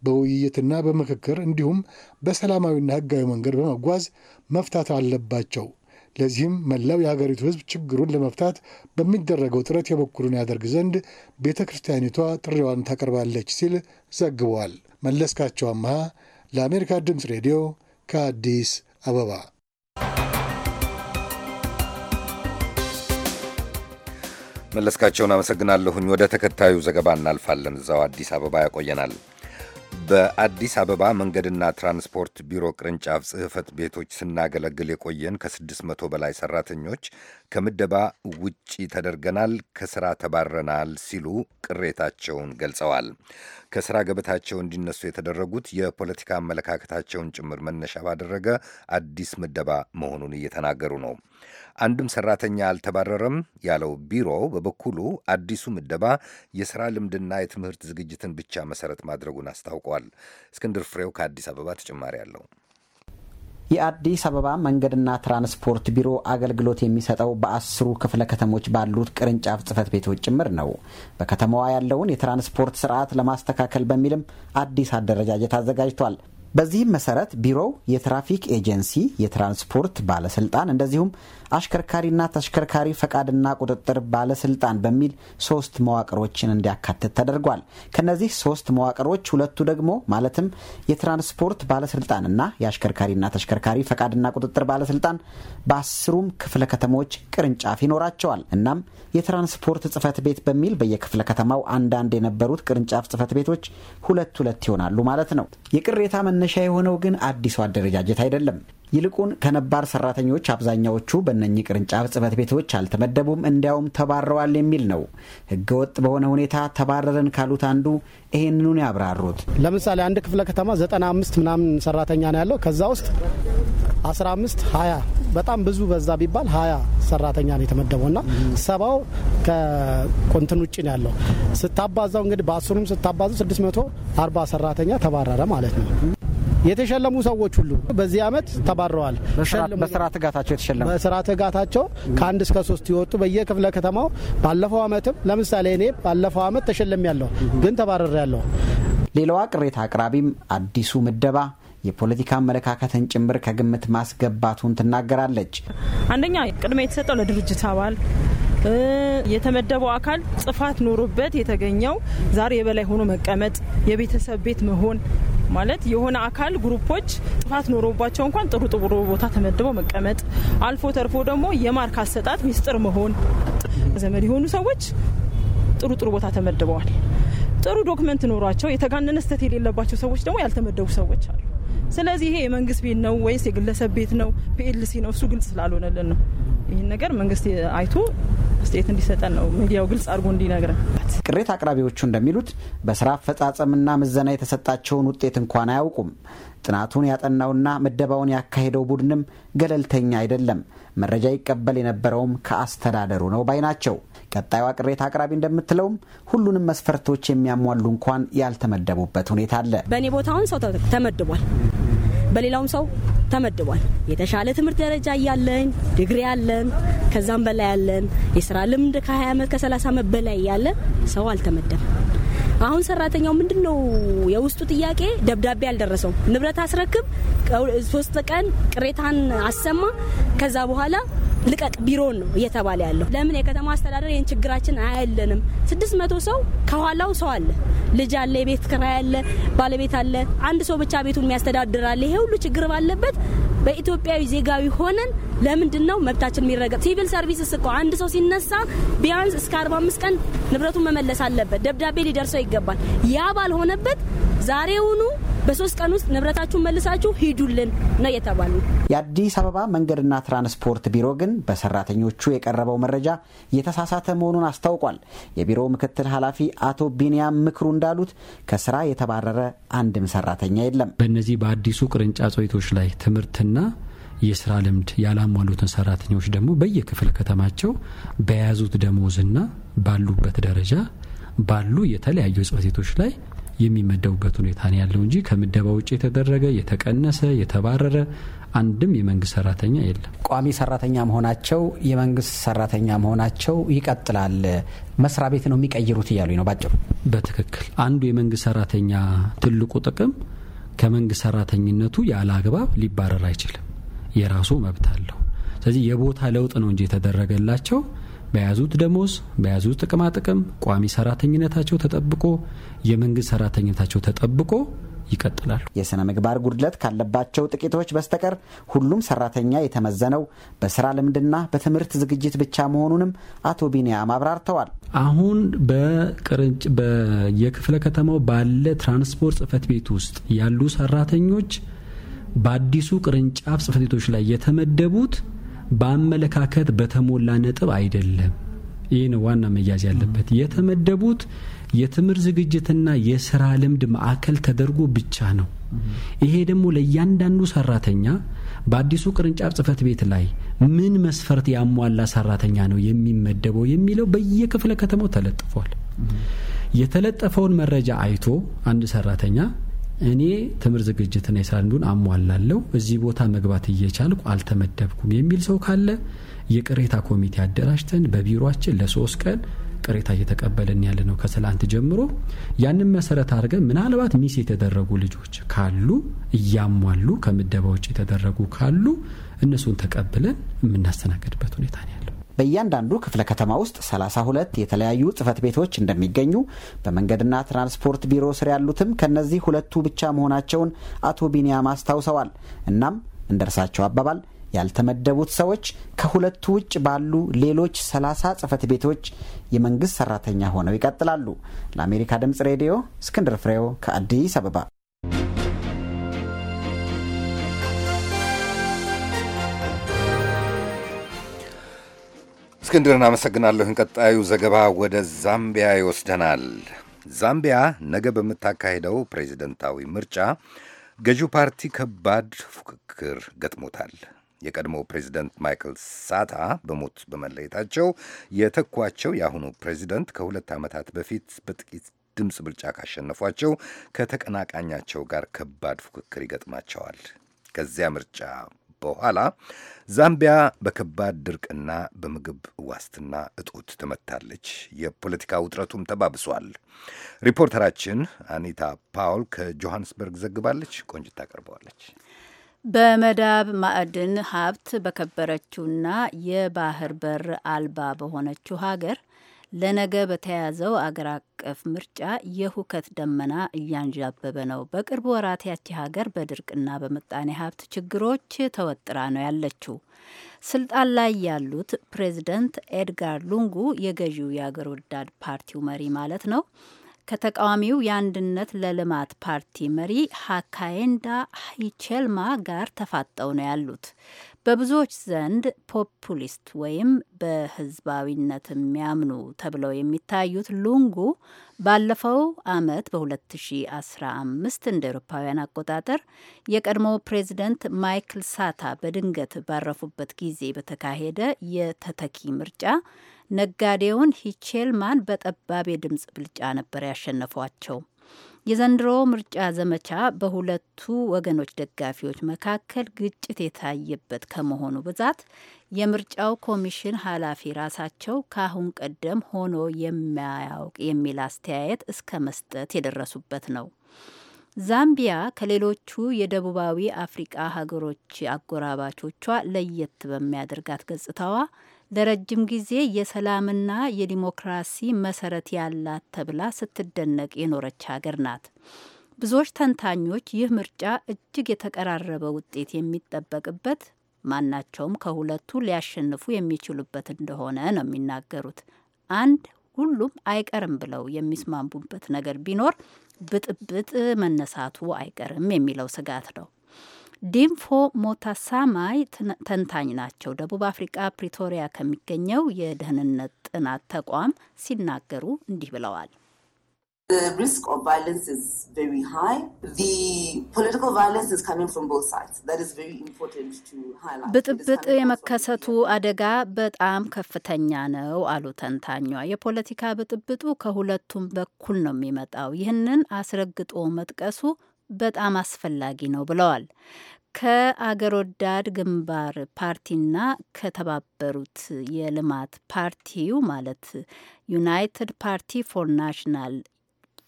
በውይይትና በምክክር እንዲሁም በሰላማዊና ሕጋዊ መንገድ በመጓዝ መፍታት አለባቸው። ለዚህም መላው የሀገሪቱ ሕዝብ ችግሩን ለመፍታት በሚደረገው ጥረት የበኩሉን ያደርግ ዘንድ ቤተ ክርስቲያኒቷ ጥሪዋን ታቀርባለች ሲል ዘግቧል። መለስካቸው አመሃ ለአሜሪካ ድምፅ ሬዲዮ ከአዲስ አበባ መለስካቸውን አመሰግናለሁኝ። ወደ ተከታዩ ዘገባ እናልፋለን። እዛው አዲስ አበባ ያቆየናል። በአዲስ አበባ መንገድና ትራንስፖርት ቢሮ ቅርንጫፍ ጽህፈት ቤቶች ስናገለግል የቆየን ከስድስት መቶ በላይ ሰራተኞች ከምደባ ውጪ ተደርገናል፣ ከስራ ተባረናል ሲሉ ቅሬታቸውን ገልጸዋል። ከስራ ገበታቸው እንዲነሱ የተደረጉት የፖለቲካ አመለካከታቸውን ጭምር መነሻ ባደረገ አዲስ ምደባ መሆኑን እየተናገሩ ነው። አንድም ሰራተኛ አልተባረረም ያለው ቢሮ በበኩሉ አዲሱ ምደባ የሥራ ልምድና የትምህርት ዝግጅትን ብቻ መሠረት ማድረጉን አስታውቋል። እስክንድር ፍሬው ከአዲስ አበባ ተጨማሪ አለው። የአዲስ አበባ መንገድና ትራንስፖርት ቢሮ አገልግሎት የሚሰጠው በአስሩ ክፍለ ከተሞች ባሉት ቅርንጫፍ ጽህፈት ቤቶች ጭምር ነው። በከተማዋ ያለውን የትራንስፖርት ስርዓት ለማስተካከል በሚልም አዲስ አደረጃጀት አዘጋጅቷል። በዚህም መሰረት ቢሮው የትራፊክ ኤጀንሲ፣ የትራንስፖርት ባለስልጣን እንደዚሁም አሽከርካሪና ተሽከርካሪ ፈቃድና ቁጥጥር ባለስልጣን በሚል ሶስት መዋቅሮችን እንዲያካትት ተደርጓል። ከነዚህ ሶስት መዋቅሮች ሁለቱ ደግሞ ማለትም የትራንስፖርት ባለስልጣንና የአሽከርካሪና ተሽከርካሪ ፈቃድና ቁጥጥር ባለስልጣን በአስሩም ክፍለ ከተሞች ቅርንጫፍ ይኖራቸዋል። እናም የትራንስፖርት ጽፈት ቤት በሚል በየክፍለ ከተማው አንዳንድ የነበሩት ቅርንጫፍ ጽፈት ቤቶች ሁለት ሁለት ይሆናሉ ማለት ነው። የቅሬታ መነሻ የሆነው ግን አዲሱ አደረጃጀት አይደለም። ይልቁን ከነባር ሰራተኞች አብዛኛዎቹ በእነኚህ ቅርንጫፍ ጽህፈት ቤቶች አልተመደቡም፣ እንዲያውም ተባረዋል የሚል ነው። ህገወጥ በሆነ ሁኔታ ተባረረን ካሉት አንዱ ይህንኑን ያብራሩት። ለምሳሌ አንድ ክፍለ ከተማ ዘጠና አምስት ምናምን ሰራተኛ ነው ያለው ከዛ ውስጥ 15 20 በጣም ብዙ በዛ ቢባል 20 ሰራተኛ ነው የተመደበው እና ሰባው ከቁንትን ውጭ ነው ያለው። ስታባዛው እንግዲህ በአስሩም ስታባዛው 640 ሰራተኛ ተባረረ ማለት ነው። የተሸለሙ ሰዎች ሁሉ በዚህ ዓመት ተባረዋል። በስራ ትጋታቸው የተሸለሙ በስራ ትጋታቸው ከአንድ እስከ ሶስት የወጡ በየክፍለ ከተማው ባለፈው አመትም ለምሳሌ እኔ ባለፈው ዓመት ተሸለም ያለው ግን ተባረር ያለው ሌላዋ ቅሬታ አቅራቢም አዲሱ ምደባ የፖለቲካ አመለካከትን ጭምር ከግምት ማስገባቱን ትናገራለች። አንደኛ ቅድሚያ የተሰጠው ለድርጅት አባል የተመደበው አካል ጽፋት ኖሮበት የተገኘው ዛሬ የበላይ ሆኖ መቀመጥ፣ የቤተሰብ ቤት መሆን ማለት የሆነ አካል ግሩፖች ጥፋት ኖሮባቸው እንኳን ጥሩ ጥሩ ቦታ ተመድበው መቀመጥ፣ አልፎ ተርፎ ደግሞ የማርክ አሰጣጥ ሚስጥር መሆን ዘመድ የሆኑ ሰዎች ጥሩ ጥሩ ቦታ ተመድበዋል። ጥሩ ዶክመንት ኖሯቸው የተጋነነ ስህተት የሌለባቸው ሰዎች ደግሞ ያልተመደቡ ሰዎች አሉ። ስለዚህ ይሄ የመንግስት ቤት ነው ወይስ የግለሰብ ቤት ነው፣ ፒኤልሲ ነው፣ እሱ ግልጽ ስላልሆነልን ነው። ይህን ነገር መንግስት አይቶ ስቴት እንዲሰጠን ነው ሚዲያው ግልጽ አድርጎ እንዲነግረን። ቅሬታ አቅራቢዎቹ እንደሚሉት በስራ አፈጻጸምና ምዘና የተሰጣቸውን ውጤት እንኳን አያውቁም። ጥናቱን ያጠናውና ምደባውን ያካሄደው ቡድንም ገለልተኛ አይደለም። መረጃ ይቀበል የነበረውም ከአስተዳደሩ ነው ባይ ናቸው። ቀጣዩዋ ቅሬታ አቅራቢ እንደምትለውም ሁሉንም መስፈርቶች የሚያሟሉ እንኳን ያልተመደቡበት ሁኔታ አለ። በእኔ ቦታውን ሰው ተመድቧል በሌላውም ሰው ተመድቧል። የተሻለ ትምህርት ደረጃ እያለን ድግሪ ያለን ከዛም በላይ ያለን የስራ ልምድ ከ20 ዓመት ከ30 ዓመት በላይ ያለ ሰው አልተመደበም። አሁን ሰራተኛው ምንድን ነው የውስጡ ጥያቄ? ደብዳቤ አልደረሰው፣ ንብረት አስረክብ፣ ሶስት ቀን ቅሬታን አሰማ፣ ከዛ በኋላ ልቀቅ ቢሮን ነው እየተባለ ያለው። ለምን የከተማ አስተዳደር ይህን ችግራችን አያለንም? ስድስት መቶ ሰው ከኋላው ሰው አለ፣ ልጅ አለ፣ የቤት ክራይ አለ፣ ባለቤት አለ። አንድ ሰው ብቻ ቤቱን የሚያስተዳድር አለ። ይሄ ሁሉ ችግር ባለበት በኢትዮጵያዊ ዜጋዊ ሆነን ለምንድን ነው መብታችን የሚረገጥ? ሲቪል ሰርቪስ እኮ አንድ ሰው ሲነሳ ቢያንስ እስከ 45 ቀን ንብረቱን መመለስ አለበት፣ ደብዳቤ ሊደርሰው ይገባል። ያ ባልሆነበት ዛሬውኑ በሶስት ቀን ውስጥ ንብረታችሁን መልሳችሁ ሂዱልን ነው የተባሉ። የአዲስ አበባ መንገድና ትራንስፖርት ቢሮ ግን በሰራተኞቹ የቀረበው መረጃ የተሳሳተ መሆኑን አስታውቋል። የቢሮው ምክትል ኃላፊ አቶ ቢንያም ምክሩ እንዳሉት ከስራ የተባረረ አንድም ሰራተኛ የለም። በእነዚህ በአዲሱ ቅርንጫፍ ቤቶች ላይ ትምህርትና የስራ ልምድ ያላሟሉትን ሰራተኞች ደግሞ በየክፍለ ከተማቸው በያዙት ደሞዝና ባሉበት ደረጃ ባሉ የተለያዩ ጽሕፈት ቤቶች ላይ የሚመደቡበት ሁኔታ ነው ያለው እንጂ ከምደባ ውጭ የተደረገ የተቀነሰ የተባረረ አንድም የመንግስት ሰራተኛ የለም። ቋሚ ሰራተኛ መሆናቸው የመንግስት ሰራተኛ መሆናቸው ይቀጥላል። መስሪያ ቤት ነው የሚቀይሩት እያሉኝ ነው ባጭሩ። በትክክል አንዱ የመንግስት ሰራተኛ ትልቁ ጥቅም ከመንግስት ሰራተኝነቱ ያለ አግባብ ሊባረር አይችልም። የራሱ መብት አለው። ስለዚህ የቦታ ለውጥ ነው እንጂ የተደረገላቸው በያዙት ደሞዝ፣ በያዙት ጥቅማጥቅም ቋሚ ሰራተኝነታቸው ተጠብቆ የመንግስት ሰራተኝነታቸው ተጠብቆ ይቀጥላል። የሥነ ምግባር ጉድለት ካለባቸው ጥቂቶች በስተቀር ሁሉም ሰራተኛ የተመዘነው በስራ ልምድና በትምህርት ዝግጅት ብቻ መሆኑንም አቶ ቢኒያም አብራርተዋል። አሁን በቅርንጭ በየክፍለ ከተማው ባለ ትራንስፖርት ጽህፈት ቤት ውስጥ ያሉ ሰራተኞች በአዲሱ ቅርንጫፍ ጽህፈት ቤቶች ላይ የተመደቡት በአመለካከት በተሞላ ነጥብ አይደለም። ይህ ነው ዋና መያዝ ያለበት። የተመደቡት የትምህርት ዝግጅትና የስራ ልምድ ማዕከል ተደርጎ ብቻ ነው። ይሄ ደግሞ ለእያንዳንዱ ሰራተኛ በአዲሱ ቅርንጫፍ ጽህፈት ቤት ላይ ምን መስፈርት ያሟላ ሰራተኛ ነው የሚመደበው የሚለው በየክፍለ ከተማው ተለጥፏል። የተለጠፈውን መረጃ አይቶ አንድ ሰራተኛ እኔ ትምህርት ዝግጅትና የስራ ልምዱን አሟላለሁ እዚህ ቦታ መግባት እየቻልኩ አልተመደብኩም የሚል ሰው ካለ የቅሬታ ኮሚቴ አደራጅተን በቢሮችን ለሶስት ቀን ቅሬታ እየተቀበልን ያለ ነው ከትላንት ጀምሮ። ያንን መሰረት አድርገን ምናልባት ሚስ የተደረጉ ልጆች ካሉ እያሟሉ ከምደባ ውጭ የተደረጉ ካሉ እነሱን ተቀብለን የምናስተናግድበት ሁኔታ ነው። በእያንዳንዱ ክፍለ ከተማ ውስጥ 32 የተለያዩ ጽህፈት ቤቶች እንደሚገኙ በመንገድና ትራንስፖርት ቢሮ ስር ያሉትም ከነዚህ ሁለቱ ብቻ መሆናቸውን አቶ ቢንያም አስታውሰዋል። እናም እንደ እርሳቸው አባባል ያልተመደቡት ሰዎች ከሁለቱ ውጭ ባሉ ሌሎች 30 ጽህፈት ቤቶች የመንግሥት ሠራተኛ ሆነው ይቀጥላሉ። ለአሜሪካ ድምፅ ሬዲዮ እስክንድር ፍሬው ከአዲስ አበባ እስክንድርን አመሰግናለሁን። ቀጣዩ ዘገባ ወደ ዛምቢያ ይወስደናል። ዛምቢያ ነገ በምታካሄደው ፕሬዚደንታዊ ምርጫ ገዢው ፓርቲ ከባድ ፉክክር ገጥሞታል። የቀድሞ ፕሬዚደንት ማይክል ሳታ በሞት በመለየታቸው የተኳቸው የአሁኑ ፕሬዚደንት ከሁለት ዓመታት በፊት በጥቂት ድምፅ ብልጫ ካሸነፏቸው ከተቀናቃኛቸው ጋር ከባድ ፉክክር ይገጥማቸዋል። ከዚያ ምርጫ በኋላ ዛምቢያ በከባድ ድርቅና በምግብ ዋስትና እጦት ትመታለች። የፖለቲካ ውጥረቱም ተባብሷል። ሪፖርተራችን አኒታ ፓውል ከጆሃንስበርግ ዘግባለች። ቆንጅት ታቀርበዋለች። በመዳብ ማዕድን ሀብት በከበረችውና የባህር በር አልባ በሆነችው ሀገር ለነገ በተያያዘው አገር አቀፍ ምርጫ የሁከት ደመና እያንዣበበ ነው። በቅርብ ወራት ያቺ ሀገር በድርቅና በምጣኔ ሀብት ችግሮች ተወጥራ ነው ያለችው። ስልጣን ላይ ያሉት ፕሬዚደንት ኤድጋር ሉንጉ የገዢው የአገር ወዳድ ፓርቲው መሪ ማለት ነው ከተቃዋሚው የአንድነት ለልማት ፓርቲ መሪ ሀካይንዳ ሂቼልማ ጋር ተፋጠው ነው ያሉት። በብዙዎች ዘንድ ፖፑሊስት ወይም በህዝባዊነት የሚያምኑ ተብለው የሚታዩት ሉንጉ ባለፈው አመት በ2015 እንደ ኤሮፓውያን አቆጣጠር የቀድሞው ፕሬዚደንት ማይክል ሳታ በድንገት ባረፉበት ጊዜ በተካሄደ የተተኪ ምርጫ ነጋዴውን ሂቼልማን በጠባብ የድምፅ ብልጫ ነበር ያሸነፏቸው። የዘንድሮ ምርጫ ዘመቻ በሁለቱ ወገኖች ደጋፊዎች መካከል ግጭት የታየበት ከመሆኑ ብዛት የምርጫው ኮሚሽን ኃላፊ ራሳቸው ከአሁን ቀደም ሆኖ የማያውቅ የሚል አስተያየት እስከ መስጠት የደረሱበት ነው። ዛምቢያ ከሌሎቹ የደቡባዊ አፍሪቃ ሀገሮች አጎራባቾቿ ለየት በሚያደርጋት ገጽታዋ ለረጅም ጊዜ የሰላምና የዲሞክራሲ መሰረት ያላት ተብላ ስትደነቅ የኖረች ሀገር ናት። ብዙዎች ተንታኞች ይህ ምርጫ እጅግ የተቀራረበ ውጤት የሚጠበቅበት ማናቸውም ከሁለቱ ሊያሸንፉ የሚችሉበት እንደሆነ ነው የሚናገሩት። አንድ ሁሉም አይቀርም ብለው የሚስማሙበት ነገር ቢኖር ብጥብጥ መነሳቱ አይቀርም የሚለው ስጋት ነው። ዲምፎ ሞታሳማይ ተንታኝ ናቸው። ደቡብ አፍሪቃ ፕሪቶሪያ ከሚገኘው የደህንነት ጥናት ተቋም ሲናገሩ እንዲህ ብለዋል። ብጥብጥ የመከሰቱ አደጋ በጣም ከፍተኛ ነው አሉ ተንታኟ። የፖለቲካ ብጥብጡ ከሁለቱም በኩል ነው የሚመጣው። ይህንን አስረግጦ መጥቀሱ በጣም አስፈላጊ ነው ብለዋል። ከአገር ወዳድ ግንባር ፓርቲና ከተባበሩት የልማት ፓርቲው ማለት ዩናይትድ ፓርቲ ፎር ናሽናል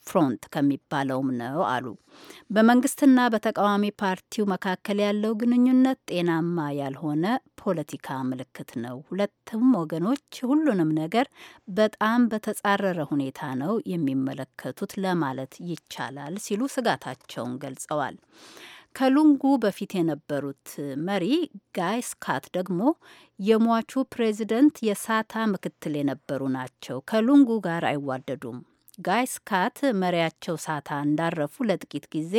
ፍሮንት ከሚባለውም ነው አሉ። በመንግስትና በተቃዋሚ ፓርቲው መካከል ያለው ግንኙነት ጤናማ ያልሆነ ፖለቲካ ምልክት ነው። ሁለቱም ወገኖች ሁሉንም ነገር በጣም በተጻረረ ሁኔታ ነው የሚመለከቱት ለማለት ይቻላል ሲሉ ስጋታቸውን ገልጸዋል። ከሉንጉ በፊት የነበሩት መሪ ጋይ ስካት ደግሞ የሟቹ ፕሬዚደንት የሳታ ምክትል የነበሩ ናቸው። ከሉንጉ ጋር አይዋደዱም። ጋይስካት መሪያቸው ሳታ እንዳረፉ ለጥቂት ጊዜ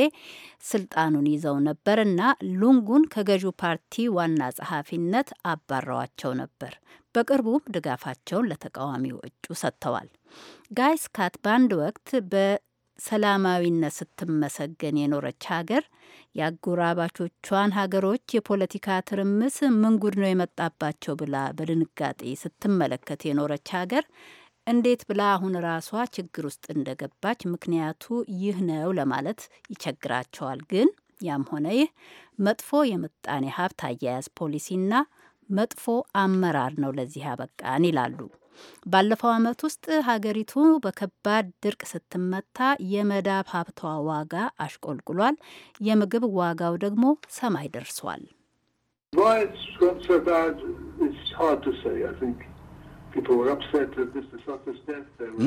ስልጣኑን ይዘው ነበርና ሉንጉን ከገዢው ፓርቲ ዋና ጸሐፊነት አባረዋቸው ነበር። በቅርቡም ድጋፋቸውን ለተቃዋሚው እጩ ሰጥተዋል። ጋይስካት በአንድ ወቅት በ ሰላማዊነት ስትመሰገን የኖረች ሀገር የአጎራባቾቿን ሀገሮች የፖለቲካ ትርምስ ምንጉድ ነው የመጣባቸው ብላ በድንጋጤ ስትመለከት የኖረች ሀገር እንዴት ብላ አሁን ራሷ ችግር ውስጥ እንደገባች ምክንያቱ ይህ ነው ለማለት ይቸግራቸዋል። ግን ያም ሆነ ይህ መጥፎ የምጣኔ ሀብት አያያዝ ፖሊሲና መጥፎ አመራር ነው ለዚህ ያበቃን ይላሉ። ባለፈው ዓመት ውስጥ ሀገሪቱ በከባድ ድርቅ ስትመታ የመዳብ ሀብቷ ዋጋ አሽቆልቁሏል። የምግብ ዋጋው ደግሞ ሰማይ ደርሷል።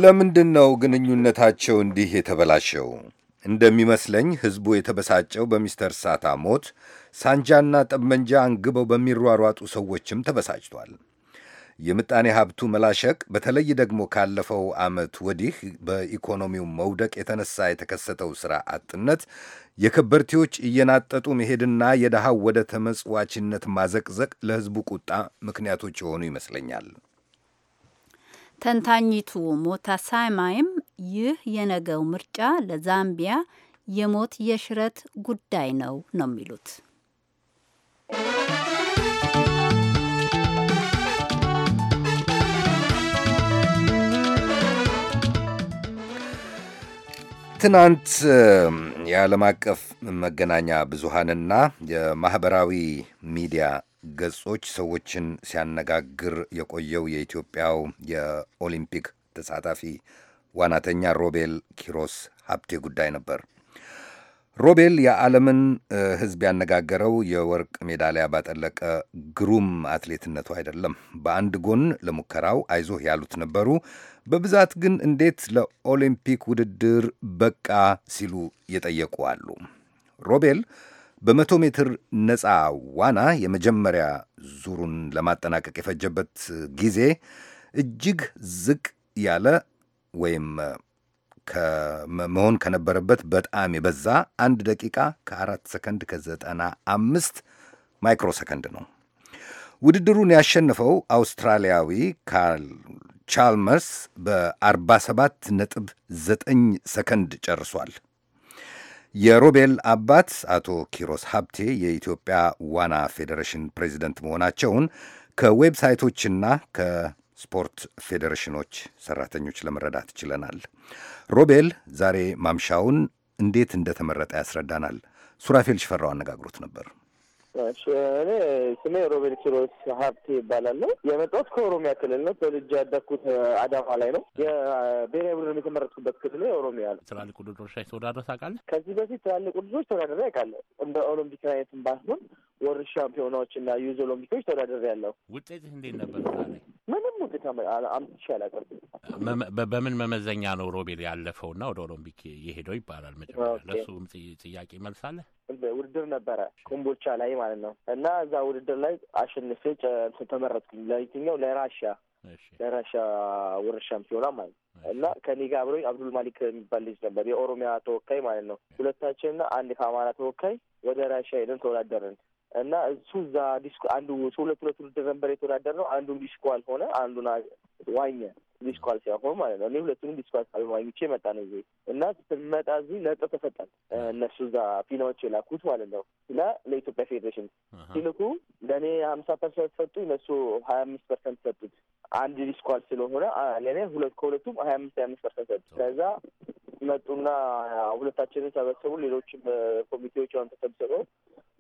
ለምንድን ነው ግንኙነታቸው እንዲህ የተበላሸው? እንደሚመስለኝ ሕዝቡ የተበሳጨው በሚስተር ሳታ ሞት ሳንጃና ጠመንጃ አንግበው በሚሯሯጡ ሰዎችም ተበሳጭቷል። የምጣኔ ሀብቱ መላሸቅ በተለይ ደግሞ ካለፈው ዓመት ወዲህ በኢኮኖሚው መውደቅ የተነሳ የተከሰተው ሥራ አጥነት የከበርቴዎች እየናጠጡ መሄድና የድሃው ወደ ተመጽዋችነት ማዘቅዘቅ ለሕዝቡ ቁጣ ምክንያቶች የሆኑ ይመስለኛል። ተንታኝቱ ሞታ ሳይማይም ይህ የነገው ምርጫ ለዛምቢያ የሞት የሽረት ጉዳይ ነው ነው የሚሉት። ትናንት የዓለም አቀፍ መገናኛ ብዙሃንና የማኅበራዊ ሚዲያ ገጾች ሰዎችን ሲያነጋግር የቆየው የኢትዮጵያው የኦሊምፒክ ተሳታፊ ዋናተኛ ሮቤል ኪሮስ ሀብቴ ጉዳይ ነበር። ሮቤል የዓለምን ሕዝብ ያነጋገረው የወርቅ ሜዳሊያ ባጠለቀ ግሩም አትሌትነቱ አይደለም። በአንድ ጎን ለሙከራው አይዞህ ያሉት ነበሩ። በብዛት ግን እንዴት ለኦሊምፒክ ውድድር በቃ ሲሉ የጠየቁ አሉ። ሮቤል በመቶ ሜትር ነፃ ዋና የመጀመሪያ ዙሩን ለማጠናቀቅ የፈጀበት ጊዜ እጅግ ዝቅ ያለ ወይም መሆን ከነበረበት በጣም የበዛ አንድ ደቂቃ ከአራት ሰከንድ ከዘጠና አምስት ማይክሮ ሰከንድ ነው። ውድድሩን ያሸነፈው አውስትራሊያዊ ካርል ቻልመርስ በ47 ነጥብ 9 ሰከንድ ጨርሷል። የሮቤል አባት አቶ ኪሮስ ሀብቴ የኢትዮጵያ ዋና ፌዴሬሽን ፕሬዚደንት መሆናቸውን ከዌብሳይቶችና ከስፖርት ፌዴሬሽኖች ሰራተኞች ለመረዳት ችለናል። ሮቤል ዛሬ ማምሻውን እንዴት እንደተመረጠ ያስረዳናል። ሱራፌል ሽፈራው አነጋግሮት ነበር። እኔ ስሜ ሮቤል ኪሮስ ሀብቴ ነው የመጣሁት ከኦሮሚያ ክልል ነው። በልጅ ያደግኩት አዳማ ላይ ነው። የብሔራዊ ቡድን የተመረጥኩበት ክልል የኦሮሚያ ነው። ትላልቅ ውድድሮች ላይ ተወዳድረህ ታውቃለህ? ከዚህ በፊት ትላልቅ ውድድሮች ተወዳድሬ አውቃለሁ። እንደ ኦሎምፒክ አይነትም ባይሆን ወርልድ ሻምፒዮናዎች እና ዩዝ ኦሎምፒኮች ተወዳድሬ ያለው ውጤትህ እንዴት ነበር? ምን ውጤት አምጥቼ አላውቅም። በምን መመዘኛ ነው ሮቤል ያለፈው ና ወደ ኦሎምፒክ የሄደው ይባላል? መጀመሪያ ለእሱም ጥያቄ መልሳለ። ውድድር ነበረ ኮምቦልቻ ላይ ማለት ነው። እና እዛ ውድድር ላይ አሸንፌ ተመረጥኩኝ። ለየትኛው ለራሻ ለራሻ ወርልድ ሻምፒዮና ማለት ነው። እና ከኔ ጋር አብሮኝ አብዱል ማሊክ የሚባል ልጅ ነበር፣ የኦሮሚያ ተወካይ ማለት ነው። ሁለታችንና አንድ ከአማራ ተወካይ ወደ ራሻ ሄደን ተወዳደርን። እና እሱ እዛ ዲስኮ አንዱ ሁለት ሁለት ውድድር ነበር የተወዳደር ነው። አንዱን ዲስኮ አልሆነ፣ አንዱን ዋኘ። ዲስኳል ሲያፎ ማለት ነው። እኔ ሁለቱንም ዲስኳል አለማግኝቼ መጣ ነው እዚህ እና ስመጣ እዚህ ነጥብ ተሰጠን። እነሱ እዛ ፊናዎች የላኩት ማለት ነው ስላ ለኢትዮጵያ ፌዴሬሽን ሲልኩ ለእኔ ሀምሳ ፐርሰንት ሰጡ፣ እነሱ ሀያ አምስት ፐርሰንት ሰጡት። አንድ ዲስኳል ስለሆነ ለእኔ ሁለት ከሁለቱም ሀያ አምስት ሀያ አምስት ፐርሰንት ሰጡ። ከዛ መጡና ሁለታችንን ሰበሰቡ። ሌሎችም ኮሚቴዎች አሁን ተሰብስበው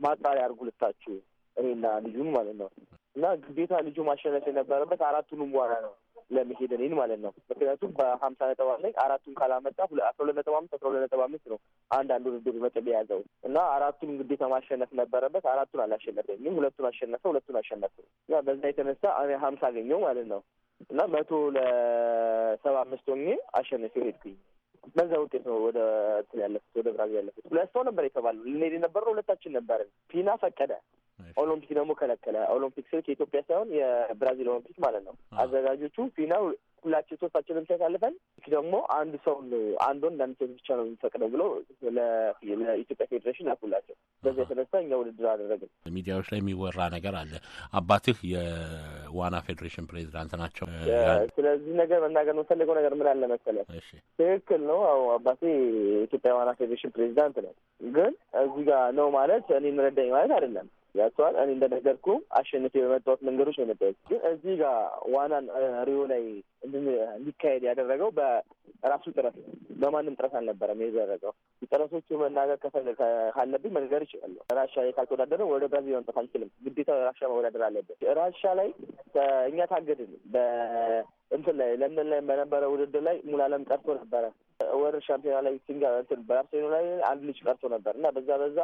ማጣሪያ አድርጉ ልታችሁ እኔና ልጁን ማለት ነው። እና ግዴታ ልጁ ማሸነፍ የነበረበት አራቱንም ዋና ነው ለመሄድ እኔን ማለት ነው። ምክንያቱም በሀምሳ ነጥብ አለኝ አራቱን ካላመጣ አስራ ሁለት ነጥብ አምስት አስራ ሁለት ነጥብ አምስት ነው አንድ አንድ ውድድር መጥል የያዘው እና አራቱን ግዴታ ማሸነፍ ነበረበት። አራቱን አላሸነፈኝም። ሁለቱን አሸነፈ፣ ሁለቱን አሸነፈ። እና በዛ የተነሳ እኔ ሀምሳ አገኘው ማለት ነው እና መቶ ለሰባ አምስት ሆኜ አሸነፌው ሄድኩኝ። በዛ ውጤት ነው ወደ እንትን ያለፉት ወደ ብራዚል ያለፉት። ሁለት ሰው ነበር የተባለው ልንሄድ የነበርነው ሁለታችን ነበር። ፊና ፈቀደ፣ ኦሎምፒክ ደግሞ ከለከለ። ኦሎምፒክ ስልክ የኢትዮጵያ ሳይሆን የብራዚል ኦሎምፒክ ማለት ነው። አዘጋጆቹ ፊና ሁላችን ሶስታችንም ሴት አልፈን ደግሞ አንድ ሰውን አንዱን ለአንድ ሴት ብቻ ነው የሚፈቅደው ብሎ ለኢትዮጵያ ፌዴሬሽን ላኩላቸው። በዚያ የተነሳ እኛ ውድድር አደረግን። ሚዲያዎች ላይ የሚወራ ነገር አለ። አባትህ የዋና ፌዴሬሽን ፕሬዚዳንት ናቸው። ስለዚህ ነገር መናገር የምፈልገው ነገር ምን አለ መሰለህ፣ ትክክል ነው። አዎ አባቴ የኢትዮጵያ ዋና ፌዴሬሽን ፕሬዚዳንት ነው። ግን እዚህ ጋር ነው ማለት እኔ እንረዳኝ ማለት አይደለም ያቷል እኔ እንደነገርኩ አሸንፌ በመጣሁት መንገዶች ነው የመጣሁት። ግን እዚህ ጋር ዋናን ሪዮ ላይ እንዲካሄድ ያደረገው በራሱ ጥረት ነው። በማንም ጥረት አልነበረም የደረገው። ጥረቶቹ መናገር ካለብኝ መንገድ ይችላለሁ። ራሻ ላይ ካልተወዳደረ ወደ ብራዚል መምጣት አንችልም። ግዴታ ራሻ መወዳደር አለብን። ራሻ ላይ እኛ ታገድን። እንትን ላይ ለምን ላይ በነበረ ውድድር ላይ ሙላለም ቀርቶ ነበረ። ወር ሻምፒዮና ላይ ሲንጋ በራሴኖ ላይ አንድ ልጅ ቀርቶ ነበር እና በዛ በዛ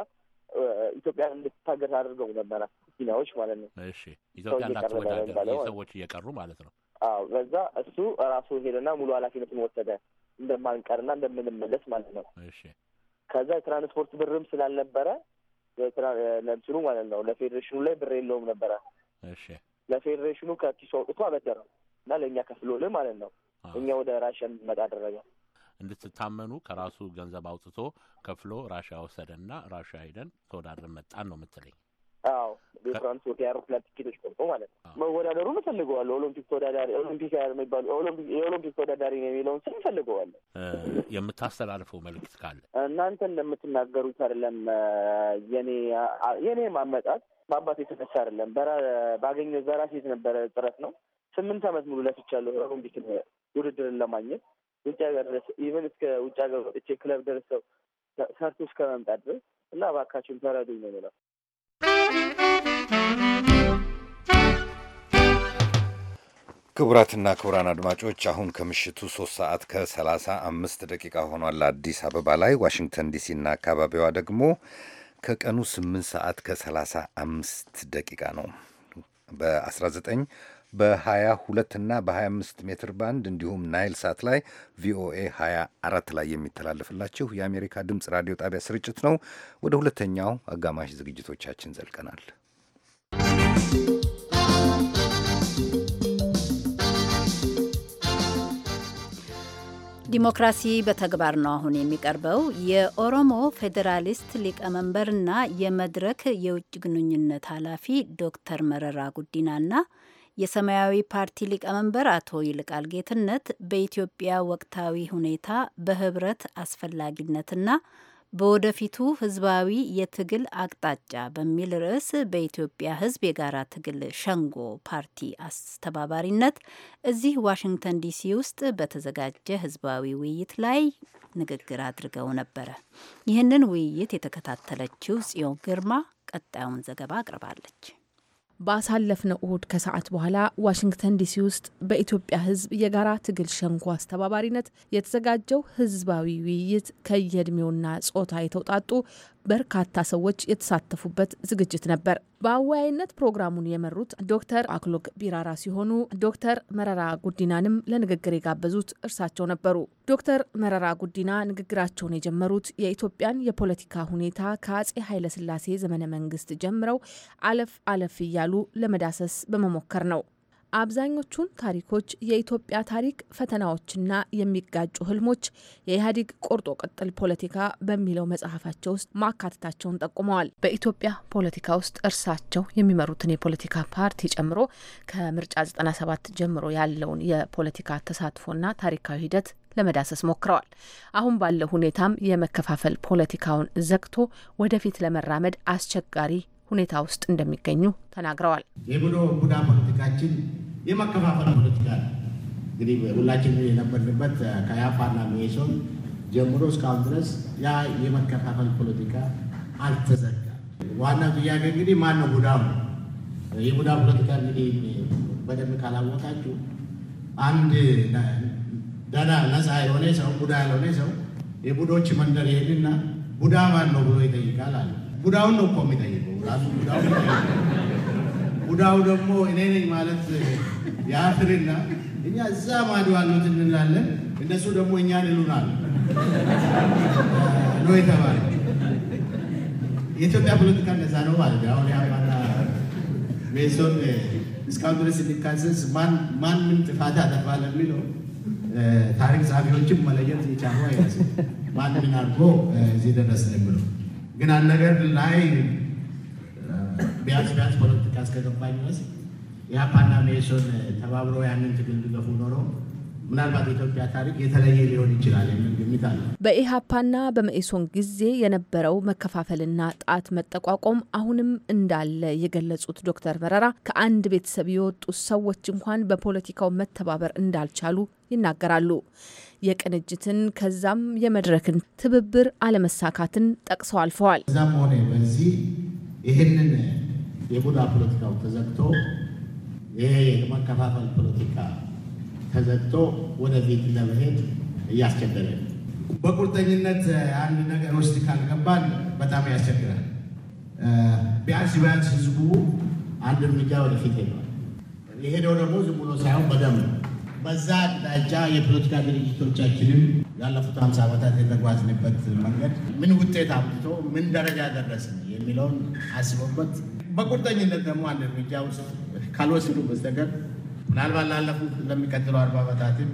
ኢትዮጵያን እንድትታገር አድርገው ነበረ ኪናዎች ማለት ነው። እሺ ኢትዮጵያ እንዳትወዳደር ሰዎች እየቀሩ ማለት ነው። አዎ በዛ እሱ ራሱ ሄደና ሙሉ ኃላፊነቱን ወሰደ እንደማንቀርና እንደምንመለስ ማለት ነው። እሺ ከዛ የትራንስፖርት ብርም ስላልነበረ ለምስሉ ማለት ነው ለፌዴሬሽኑ ላይ ብር የለውም ነበረ። እሺ ለፌዴሬሽኑ ከኪሱ አውጥቶ አበደረው እና ለእኛ ከፍሎል ማለት ነው። እኛ ወደ ራሽያ እንድንመጣ አደረገው። እንድትታመኑ ከራሱ ገንዘብ አውጥቶ ከፍሎ ራሽያ ወሰደና ራሽያ ሄደን ተወዳድረን መጣን ነው የምትለኝ? አዎ የፍራንስፖርት የአይሮፕላን ቲኬቶች ቆርጦ ማለት ነው። መወዳደሩን እፈልገዋለሁ። ኦሎምፒክ ተወዳዳሪ ኦሎምፒክ የሚባሉ የኦሎምፒክ ተወዳዳሪ ነው የሚለውን ስም እፈልገዋለሁ። የምታስተላልፈው መልእክት ካለ እናንተ እንደምትናገሩት አይደለም። የኔ የኔ ማመጣት በአባት የተነሳ አይደለም። ባገኘው በራሴ የተነበረ ጥረት ነው። ስምንት ዓመት ሙሉ ለፍቻለሁ ኦሎምፒክ ውድድርን ለማግኘት ውጭ ሀገር ድረስ ኢቨን እስከ ውጭ ሀገር ወጥቼ ክለብ ደርሰው ሰርቶ እስከ መምጣት ድረስ እና እባካችሁን ተረዱኝ ነው የምለው። ክቡራትና ክቡራን አድማጮች አሁን ከምሽቱ ሶስት ሰዓት ከሰላሳ አምስት ደቂቃ ሆኗል አዲስ አበባ ላይ። ዋሽንግተን ዲሲና አካባቢዋ ደግሞ ከቀኑ ስምንት ሰዓት ከሰላሳ አምስት ደቂቃ ነው በ19 በ22 እና በ25 ሜትር ባንድ እንዲሁም ናይል ሳት ላይ ቪኦኤ 24 ላይ የሚተላለፍላችሁ የአሜሪካ ድምፅ ራዲዮ ጣቢያ ስርጭት ነው። ወደ ሁለተኛው አጋማሽ ዝግጅቶቻችን ዘልቀናል። ዲሞክራሲ በተግባር ነው አሁን የሚቀርበው። የኦሮሞ ፌዴራሊስት ሊቀመንበርና የመድረክ የውጭ ግንኙነት ኃላፊ ዶክተር መረራ ጉዲናና የሰማያዊ ፓርቲ ሊቀመንበር አቶ ይልቃል ጌትነት በኢትዮጵያ ወቅታዊ ሁኔታ በህብረት አስፈላጊነትና በወደፊቱ ህዝባዊ የትግል አቅጣጫ በሚል ርዕስ በኢትዮጵያ ህዝብ የጋራ ትግል ሸንጎ ፓርቲ አስተባባሪነት እዚህ ዋሽንግተን ዲሲ ውስጥ በተዘጋጀ ህዝባዊ ውይይት ላይ ንግግር አድርገው ነበረ። ይህንን ውይይት የተከታተለችው ጽዮን ግርማ ቀጣዩን ዘገባ አቅርባለች። ባሳለፍነው እሁድ ከሰዓት በኋላ ዋሽንግተን ዲሲ ውስጥ በኢትዮጵያ ሕዝብ የጋራ ትግል ሸንጎ አስተባባሪነት የተዘጋጀው ሕዝባዊ ውይይት ከየእድሜውና ጾታ የተውጣጡ በርካታ ሰዎች የተሳተፉበት ዝግጅት ነበር። በአወያይነት ፕሮግራሙን የመሩት ዶክተር አክሎግ ቢራራ ሲሆኑ ዶክተር መረራ ጉዲናንም ለንግግር የጋበዙት እርሳቸው ነበሩ። ዶክተር መረራ ጉዲና ንግግራቸውን የጀመሩት የኢትዮጵያን የፖለቲካ ሁኔታ ከአጼ ኃይለስላሴ ዘመነ መንግስት ጀምረው አለፍ አለፍ እያሉ ለመዳሰስ በመሞከር ነው። አብዛኞቹን ታሪኮች የኢትዮጵያ ታሪክ ፈተናዎችና የሚጋጩ ህልሞች የኢህአዴግ ቆርጦ ቅጥል ፖለቲካ በሚለው መጽሐፋቸው ውስጥ ማካተታቸውን ጠቁመዋል። በኢትዮጵያ ፖለቲካ ውስጥ እርሳቸው የሚመሩትን የፖለቲካ ፓርቲ ጨምሮ ከምርጫ 97 ጀምሮ ያለውን የፖለቲካ ተሳትፎና ታሪካዊ ሂደት ለመዳሰስ ሞክረዋል። አሁን ባለው ሁኔታም የመከፋፈል ፖለቲካውን ዘግቶ ወደፊት ለመራመድ አስቸጋሪ ሁኔታ ውስጥ እንደሚገኙ ተናግረዋል። የቡድን ቡዳ ፖለቲካችን የመከፋፈል ፖለቲካ ነው። እንግዲህ ሁላችን የነበርንበት ከያፓና ሚሶን ጀምሮ እስካሁን ድረስ ያ የመከፋፈል ፖለቲካ አልተዘጋም። ዋናው ጥያቄ እንግዲህ ማን ነው ቡዳ? የቡዳ ፖለቲካ እንግዲህ በደንብ ካላወቃችሁ አንድ ደህና ነፃ የሆነ ሰው ቡዳ ያልሆነ ሰው የቡዶች መንደር ይሄድና ቡዳ ማን ነው ብሎ ይጠይቃል አለ። ቡዳውን ነው እኮ የሚጠይቀው ራሱ ቡዳውን ቡዳው ደግሞ እኔ ነኝ ማለት ያፍርና እኛ እዛ ማዶ ያሉት እንላለን፣ እነሱ ደግሞ እኛን ይሉናል ነው የተባለ። የኢትዮጵያ ፖለቲካ እንደዛ ነው ማለት አሁን ያማና ሜሶን እስካሁን ድረስ እንዲካዘዝ ማን ምን ጥፋት ያጠፋል የሚለው ታሪክ ጸሐፊዎችም መለየት የቻሉ አይነት ማን ምን አድርጎ እዚህ ደረስን የሚለው ግን አነገር ላይ ቢያንስ ቢያንስ ፖለቲካ እስከገባኝ ድረስ የአፓና መኢሶን ተባብሮ ያንን ትግል ቢገፉ ኖሮ ምናልባት የኢትዮጵያ ታሪክ የተለየ ሊሆን ይችላል የሚል ግምት አለ። በኢህአፓና በመኢሶን ጊዜ የነበረው መከፋፈልና ጣት መጠቋቆም አሁንም እንዳለ የገለጹት ዶክተር መረራ ከአንድ ቤተሰብ የወጡ ሰዎች እንኳን በፖለቲካው መተባበር እንዳልቻሉ ይናገራሉ። የቅንጅትን ከዛም የመድረክን ትብብር አለመሳካትን ጠቅሰው አልፈዋል። እዛም ሆነ በዚህ ይህንን የቡዳ ፖለቲካው ተዘግቶ ይሄ የመከፋፈል ፖለቲካ ተዘግቶ ወደፊት ለመሄድ እያስቸገረ በቁርጠኝነት አንድ ነገር ውስጥ ካልገባን በጣም ያስቸግራል። ቢያንስ ቢያንስ ህዝቡ አንድ እርምጃ ወደፊት ሄዷል። የሄደው ደግሞ ዝም ብሎ ሳይሆን በደም ነው። በዛ አቅጣጫ የፖለቲካ ድርጅቶቻችንም ያለፉት ሀምሳ ዓመታት የተጓዝንበት መንገድ ምን ውጤት አምጥቶ ምን ደረጃ ደረስን የሚለውን አስበበት በቁርጠኝነት ደግሞ አንድ እርምጃ ውስጥ ካልወሰዱ በስተቀር ምናልባት ላለፉት ለሚቀጥለው አርባ ዓመታትም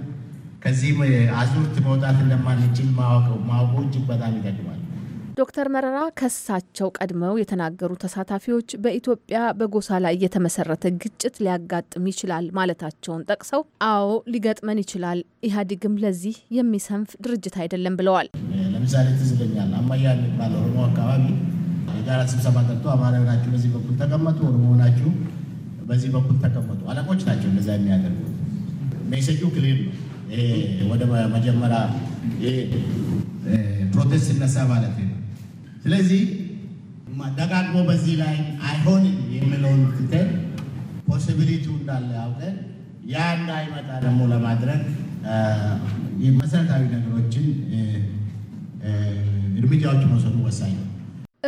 ከዚህም አዙርት መውጣት እንደማንችል ማወቁ እጅግ በጣም ይጠቅማል። ዶክተር መረራ ከሳቸው ቀድመው የተናገሩ ተሳታፊዎች በኢትዮጵያ በጎሳ ላይ የተመሰረተ ግጭት ሊያጋጥም ይችላል ማለታቸውን ጠቅሰው አዎ ሊገጥመን ይችላል፣ ኢህአዴግም ለዚህ የሚሰንፍ ድርጅት አይደለም ብለዋል። ለምሳሌ ትዝ ይለኛል አማያ የሚባለው ኦሮሞ አካባቢ የጋራ ስብሰባ ጠርቶ አማራዊ ናችሁ በዚህ በኩል ተቀመጡ፣ ኦሮሞ ናችሁ በዚህ በኩል ተቀመጡ። አለቆች ናቸው እንደዛ የሚያደርጉት። ሜሴጁ ክሊር ነው። ወደ መጀመሪያ ፕሮቴስት ሲነሳ ማለት ነው ስለዚህ ደጋግሞ በዚህ ላይ አይሆንም የሚለውን ክትል ፖሲቢሊቲው እንዳለ አውቀን ያ እንዳይመጣ ደግሞ ለማድረግ መሰረታዊ ነገሮችን እርምጃዎች መውሰዱ ወሳኝ ነው።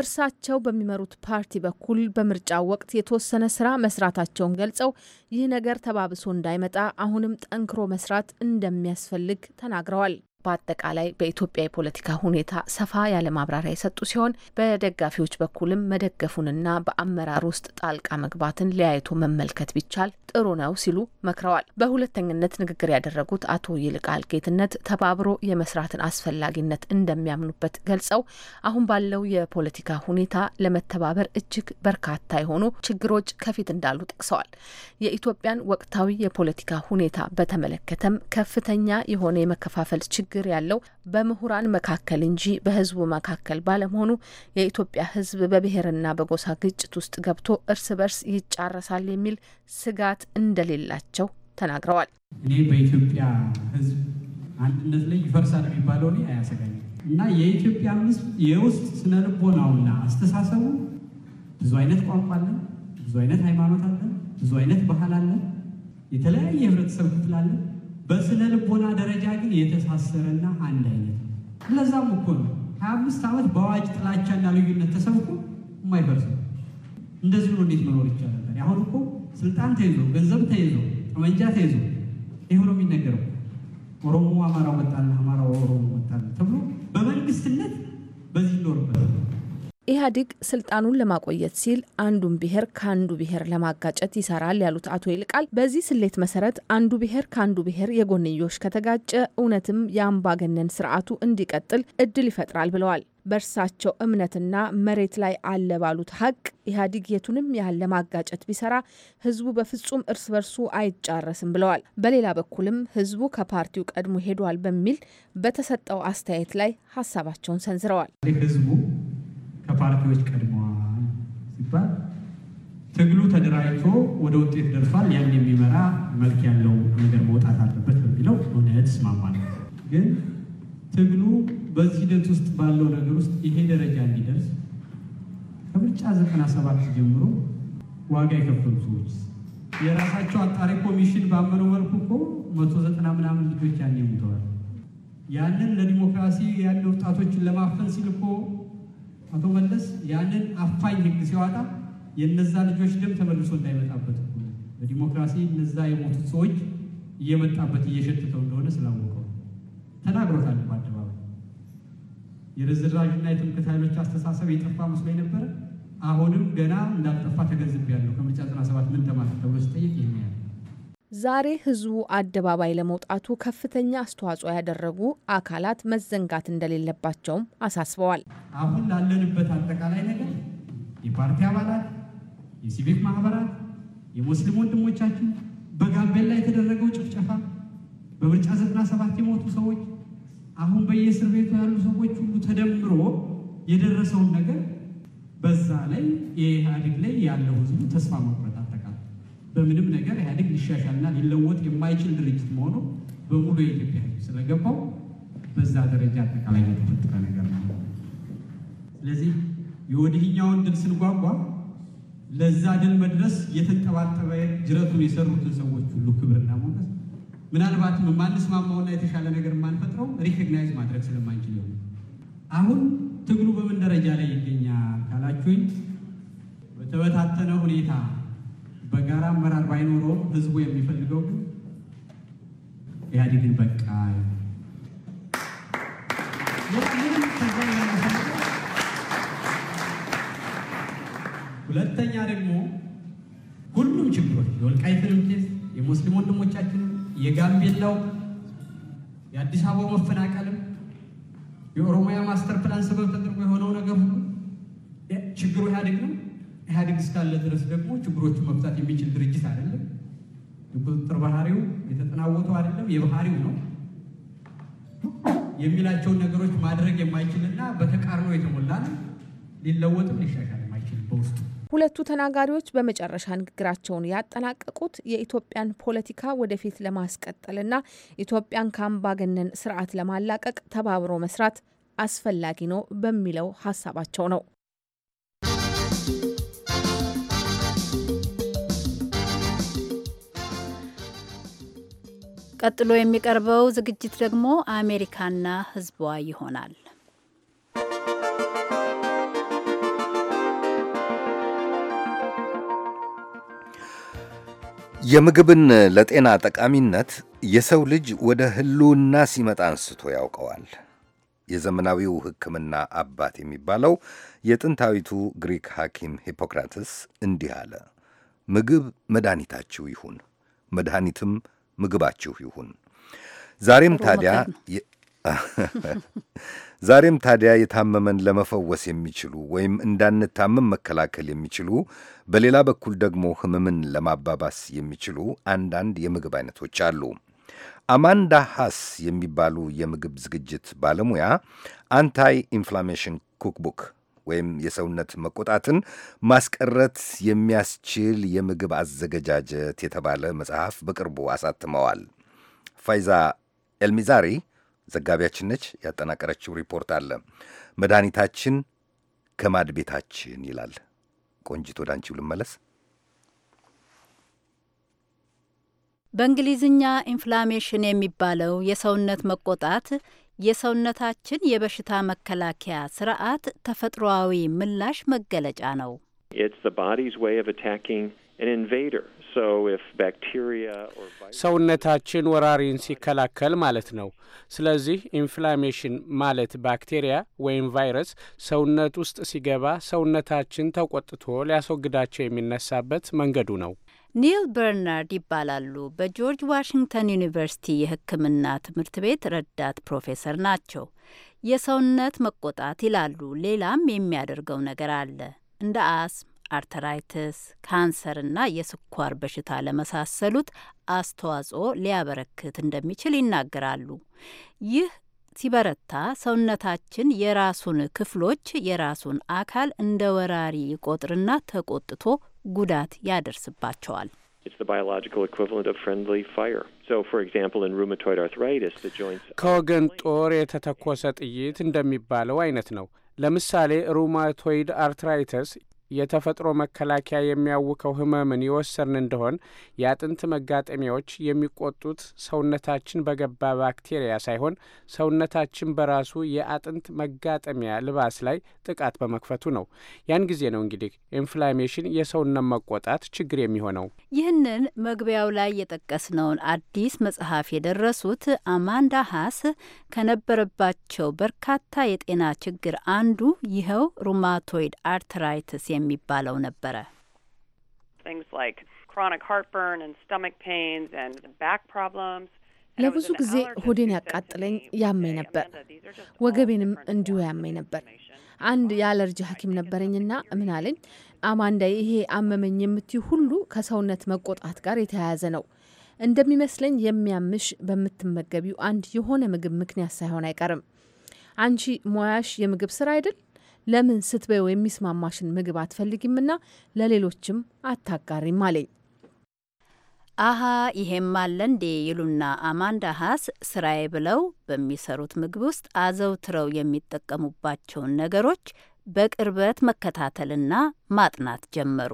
እርሳቸው በሚመሩት ፓርቲ በኩል በምርጫ ወቅት የተወሰነ ስራ መስራታቸውን ገልጸው ይህ ነገር ተባብሶ እንዳይመጣ አሁንም ጠንክሮ መስራት እንደሚያስፈልግ ተናግረዋል። በአጠቃላይ በኢትዮጵያ የፖለቲካ ሁኔታ ሰፋ ያለ ማብራሪያ የሰጡ ሲሆን በደጋፊዎች በኩልም መደገፉንና በአመራር ውስጥ ጣልቃ መግባትን ለያይቶ መመልከት ቢቻል ጥሩ ነው ሲሉ መክረዋል። በሁለተኝነት ንግግር ያደረጉት አቶ ይልቃል ጌትነት ተባብሮ የመስራትን አስፈላጊነት እንደሚያምኑበት ገልጸው አሁን ባለው የፖለቲካ ሁኔታ ለመተባበር እጅግ በርካታ የሆኑ ችግሮች ከፊት እንዳሉ ጠቅሰዋል። የኢትዮጵያን ወቅታዊ የፖለቲካ ሁኔታ በተመለከተም ከፍተኛ የሆነ የመከፋፈል ችግር ችግር ያለው በምሁራን መካከል እንጂ በህዝቡ መካከል ባለመሆኑ የኢትዮጵያ ህዝብ በብሔርና በጎሳ ግጭት ውስጥ ገብቶ እርስ በርስ ይጫረሳል የሚል ስጋት እንደሌላቸው ተናግረዋል። እኔ በኢትዮጵያ ህዝብ አንድነት ላይ ይፈርሳል የሚባለው እኔ አያሰጋኝም እና የኢትዮጵያ ህዝብ የውስጥ ስነ ልቦናውና አስተሳሰቡ ብዙ አይነት ቋንቋ አለን፣ ብዙ አይነት ሃይማኖት አለን፣ ብዙ አይነት ባህል አለን የተለያየ ህብረተሰብ ክፍል አለ። በስነ ልቦና ደረጃ ግን የተሳሰረና አንድ አይነት ነው። ለዛም እኮ ነው ሀያ አምስት ዓመት በአዋጅ ጥላቻና ልዩነት ተሰብኮ የማይፈርስ እንደዚህ ነው። እንዴት መኖር ይቻላል? አሁን እኮ ስልጣን ተይዞ፣ ገንዘብ ተይዞ፣ ጠመንጃ ተይዞ ይህ ነው የሚነገረው። ኦሮሞ አማራው መጣል፣ አማራው ኦሮሞ መጣል ተብሎ በመንግስትነት በዚህ ይኖርበት ኢህአዴግ ስልጣኑን ለማቆየት ሲል አንዱን ብሔር ከአንዱ ብሔር ለማጋጨት ይሰራል ያሉት አቶ ይልቃል በዚህ ስሌት መሰረት አንዱ ብሔር ከአንዱ ብሔር የጎንዮሽ ከተጋጨ እውነትም የአምባገነን ስርዓቱ እንዲቀጥል እድል ይፈጥራል ብለዋል። በእርሳቸው እምነትና መሬት ላይ አለ ባሉት ሀቅ ኢህአዲግ የቱንም ያህል ለማጋጨት ቢሰራ ህዝቡ በፍጹም እርስ በርሱ አይጫረስም ብለዋል። በሌላ በኩልም ህዝቡ ከፓርቲው ቀድሞ ሄዷል በሚል በተሰጠው አስተያየት ላይ ሀሳባቸውን ሰንዝረዋል። ህዝቡ ከፓርቲዎች ቀድመዋል ሲባል ትግሉ ተደራጅቶ ወደ ውጤት ደርሷል። ያን የሚመራ መልክ ያለው ነገር መውጣት አለበት በሚለው እውነት ስማማል። ግን ትግሉ በዚህ ሂደት ውስጥ ባለው ነገር ውስጥ ይሄ ደረጃ እንዲደርስ ከምርጫ 97 ጀምሮ ዋጋ የከፈሉ ሰዎች የራሳቸው አጣሪ ኮሚሽን ባመነው መልኩ እኮ መቶ ዘጠና ምናምን ልጆች ያን ሙተዋል። ያንን ለዲሞክራሲ ያለ ወጣቶችን ለማፈን ሲል እኮ አቶ መለስ ያንን አፋኝ ህግ ሲዋጣ የነዛ ልጆች ደም ተመልሶ እንዳይመጣበት በዲሞክራሲ እነዛ የሞቱት ሰዎች እየመጣበት እየሸትተው እንደሆነ ስላወቀው ተናግሮታል በአደባባይ። የርዝራዥና የትምክህት ኃይሎች አስተሳሰብ የጠፋ መስሎ የነበረ አሁንም ገና እንዳልጠፋ ተገንዝቤያለሁ። ከምርጫ 97 ምን ተማር ተብሎ ሲጠየቅ ይሄን ያህል ዛሬ ህዝቡ አደባባይ ለመውጣቱ ከፍተኛ አስተዋጽኦ ያደረጉ አካላት መዘንጋት እንደሌለባቸውም አሳስበዋል። አሁን ላለንበት አጠቃላይ ነገር የፓርቲ አባላት፣ የሲቪክ ማህበራት፣ የሙስሊም ወንድሞቻችን በጋምቤላ የተደረገው ጭፍጨፋ፣ በምርጫ 97 የሞቱ ሰዎች፣ አሁን በየእስር ቤቱ ያሉ ሰዎች ሁሉ ተደምሮ የደረሰውን ነገር በዛ ላይ የኢህአዴግ ላይ ያለው ህዝቡ ተስፋ መቁረጥ በምንም ነገር ኢህአዴግ ሊሻሻልና ሊለወጥ የማይችል ድርጅት መሆኑ በሙሉ የኢትዮጵያ ሕዝብ ስለገባው በዛ ደረጃ አጠቃላይ የተፈጠረ ነገር ነው። ስለዚህ የወዲህኛውን ድል ስንጓጓ ለዛ ድል መድረስ የተንጠባጠበ ጅረቱን የሰሩትን ሰዎች ሁሉ ክብርና ሞገስ ምናልባትም የማንስማማውና የተሻለ ነገር የማንፈጥረው ሪኮግናይዝ ማድረግ ስለማንችል ይሆናል። አሁን ትግሉ በምን ደረጃ ላይ ይገኛል ካላችሁኝ በተበታተነ ሁኔታ በጋራ አመራር ባይኖረውም ህዝቡ የሚፈልገው ግን ኢህአዴግን በቃ ሁለተኛ ደግሞ ሁሉም ችግሮች የወልቃይትንም ኬስ፣ የሙስሊም ወንድሞቻችን የጋምቤላው፣ የአዲስ አበባ መፈናቀልም፣ የኦሮሚያ ማስተር ፕላን ሰበብ ተደርጎ የሆነው ነገር ሁሉ ችግሩ ኢህአዴግ ነው። ኢህአዴግ እስካለ ድረስ ደግሞ ችግሮቹ መፍታት የሚችል ድርጅት አይደለም። የቁጥጥር ባህሪው የተጠናወተው አይደለም፣ የባህሪው ነው። የሚላቸውን ነገሮች ማድረግ የማይችልና በተቃርኖ የተሞላ ነው። ሊለወጥም ሊሻሻል የማይችል በውስጡ ሁለቱ ተናጋሪዎች በመጨረሻ ንግግራቸውን ያጠናቀቁት የኢትዮጵያን ፖለቲካ ወደፊት ለማስቀጠልና ኢትዮጵያን ከአምባገነን ስርዓት ለማላቀቅ ተባብሮ መስራት አስፈላጊ ነው በሚለው ሀሳባቸው ነው። ቀጥሎ የሚቀርበው ዝግጅት ደግሞ አሜሪካና ሕዝቧ ይሆናል። የምግብን ለጤና ጠቃሚነት የሰው ልጅ ወደ ህልውና ሲመጣ አንስቶ ያውቀዋል። የዘመናዊው ሕክምና አባት የሚባለው የጥንታዊቱ ግሪክ ሐኪም ሂፖክራትስ እንዲህ አለ፣ ምግብ መድኃኒታችሁ ይሁን፣ መድኃኒትም ምግባችሁ ይሁን። ዛሬም ታዲያ ዛሬም ታዲያ የታመመን ለመፈወስ የሚችሉ ወይም እንዳንታመም መከላከል የሚችሉ በሌላ በኩል ደግሞ ሕመምን ለማባባስ የሚችሉ አንዳንድ የምግብ አይነቶች አሉ። አማንዳ ሃስ የሚባሉ የምግብ ዝግጅት ባለሙያ አንታይ ኢንፍላሜሽን ኩክቡክ ወይም የሰውነት መቆጣትን ማስቀረት የሚያስችል የምግብ አዘገጃጀት የተባለ መጽሐፍ በቅርቡ አሳትመዋል። ፋይዛ ኤልሚዛሪ ዘጋቢያችን ነች። ያጠናቀረችው ሪፖርት አለ። መድኃኒታችን ከማድ ቤታችን ይላል። ቆንጂት ወደ አንቺው ልመለስ። በእንግሊዝኛ ኢንፍላሜሽን የሚባለው የሰውነት መቆጣት የሰውነታችን የበሽታ መከላከያ ስርዓት ተፈጥሯዊ ምላሽ መገለጫ ነው። ሰውነታችን ወራሪን ሲከላከል ማለት ነው። ስለዚህ ኢንፍላሜሽን ማለት ባክቴሪያ ወይም ቫይረስ ሰውነት ውስጥ ሲገባ ሰውነታችን ተቆጥቶ ሊያስወግዳቸው የሚነሳበት መንገዱ ነው። ኒል በርናርድ ይባላሉ። በጆርጅ ዋሽንግተን ዩኒቨርሲቲ የሕክምና ትምህርት ቤት ረዳት ፕሮፌሰር ናቸው። የሰውነት መቆጣት ይላሉ። ሌላም የሚያደርገው ነገር አለ እንደ አስም፣ አርተራይትስ፣ ካንሰርና የስኳር በሽታ ለመሳሰሉት አስተዋጽኦ ሊያበረክት እንደሚችል ይናገራሉ። ይህ ሲበረታ ሰውነታችን የራሱን ክፍሎች የራሱን አካል እንደ ወራሪ ይቆጥርና ተቆጥቶ ጉዳት ያደርስባቸዋል። ከወገን ጦር የተተኮሰ ጥይት እንደሚባለው አይነት ነው። ለምሳሌ ሩማቶይድ አርትራይተስ የተፈጥሮ መከላከያ የሚያውከው ህመምን የወሰን እንደሆን የአጥንት መጋጠሚያዎች የሚቆጡት ሰውነታችን በገባ ባክቴሪያ ሳይሆን ሰውነታችን በራሱ የአጥንት መጋጠሚያ ልባስ ላይ ጥቃት በመክፈቱ ነው። ያን ጊዜ ነው እንግዲህ ኢንፍላሜሽን፣ የሰውነት መቆጣት ችግር የሚሆነው። ይህንን መግቢያው ላይ የጠቀስነውን አዲስ መጽሐፍ የደረሱት አማንዳ ሀስ ከነበረባቸው በርካታ የጤና ችግር አንዱ ይኸው ሩማቶይድ አርትራይትስ የሚባለው ነበረ። ለብዙ ጊዜ ሆዴን ያቃጥለኝ ያመኝ ነበር፣ ወገቤንም እንዲሁ ያመኝ ነበር። አንድ um, የአለርጂ ሐኪም ነበረኝና ምን አለኝ፣ አማንዳ፣ ይሄ አመመኝ የምትዩ ሁሉ ከሰውነት መቆጣት ጋር የተያያዘ ነው። እንደሚመስለኝ የሚያምሽ በምትመገቢው አንድ የሆነ ምግብ ምክንያት ሳይሆን አይቀርም። አንቺ ሙያሽ የምግብ ስራ አይደል? ለምን ስትበይው የሚስማማሽን ምግብ አትፈልጊምና ለሌሎችም አታጋሪም አለኝ። አሀ ይሄም አለ እንዴ ይሉና አማንዳ ሀስ ስራዬ ብለው በሚሰሩት ምግብ ውስጥ አዘውትረው የሚጠቀሙባቸውን ነገሮች በቅርበት መከታተልና ማጥናት ጀመሩ።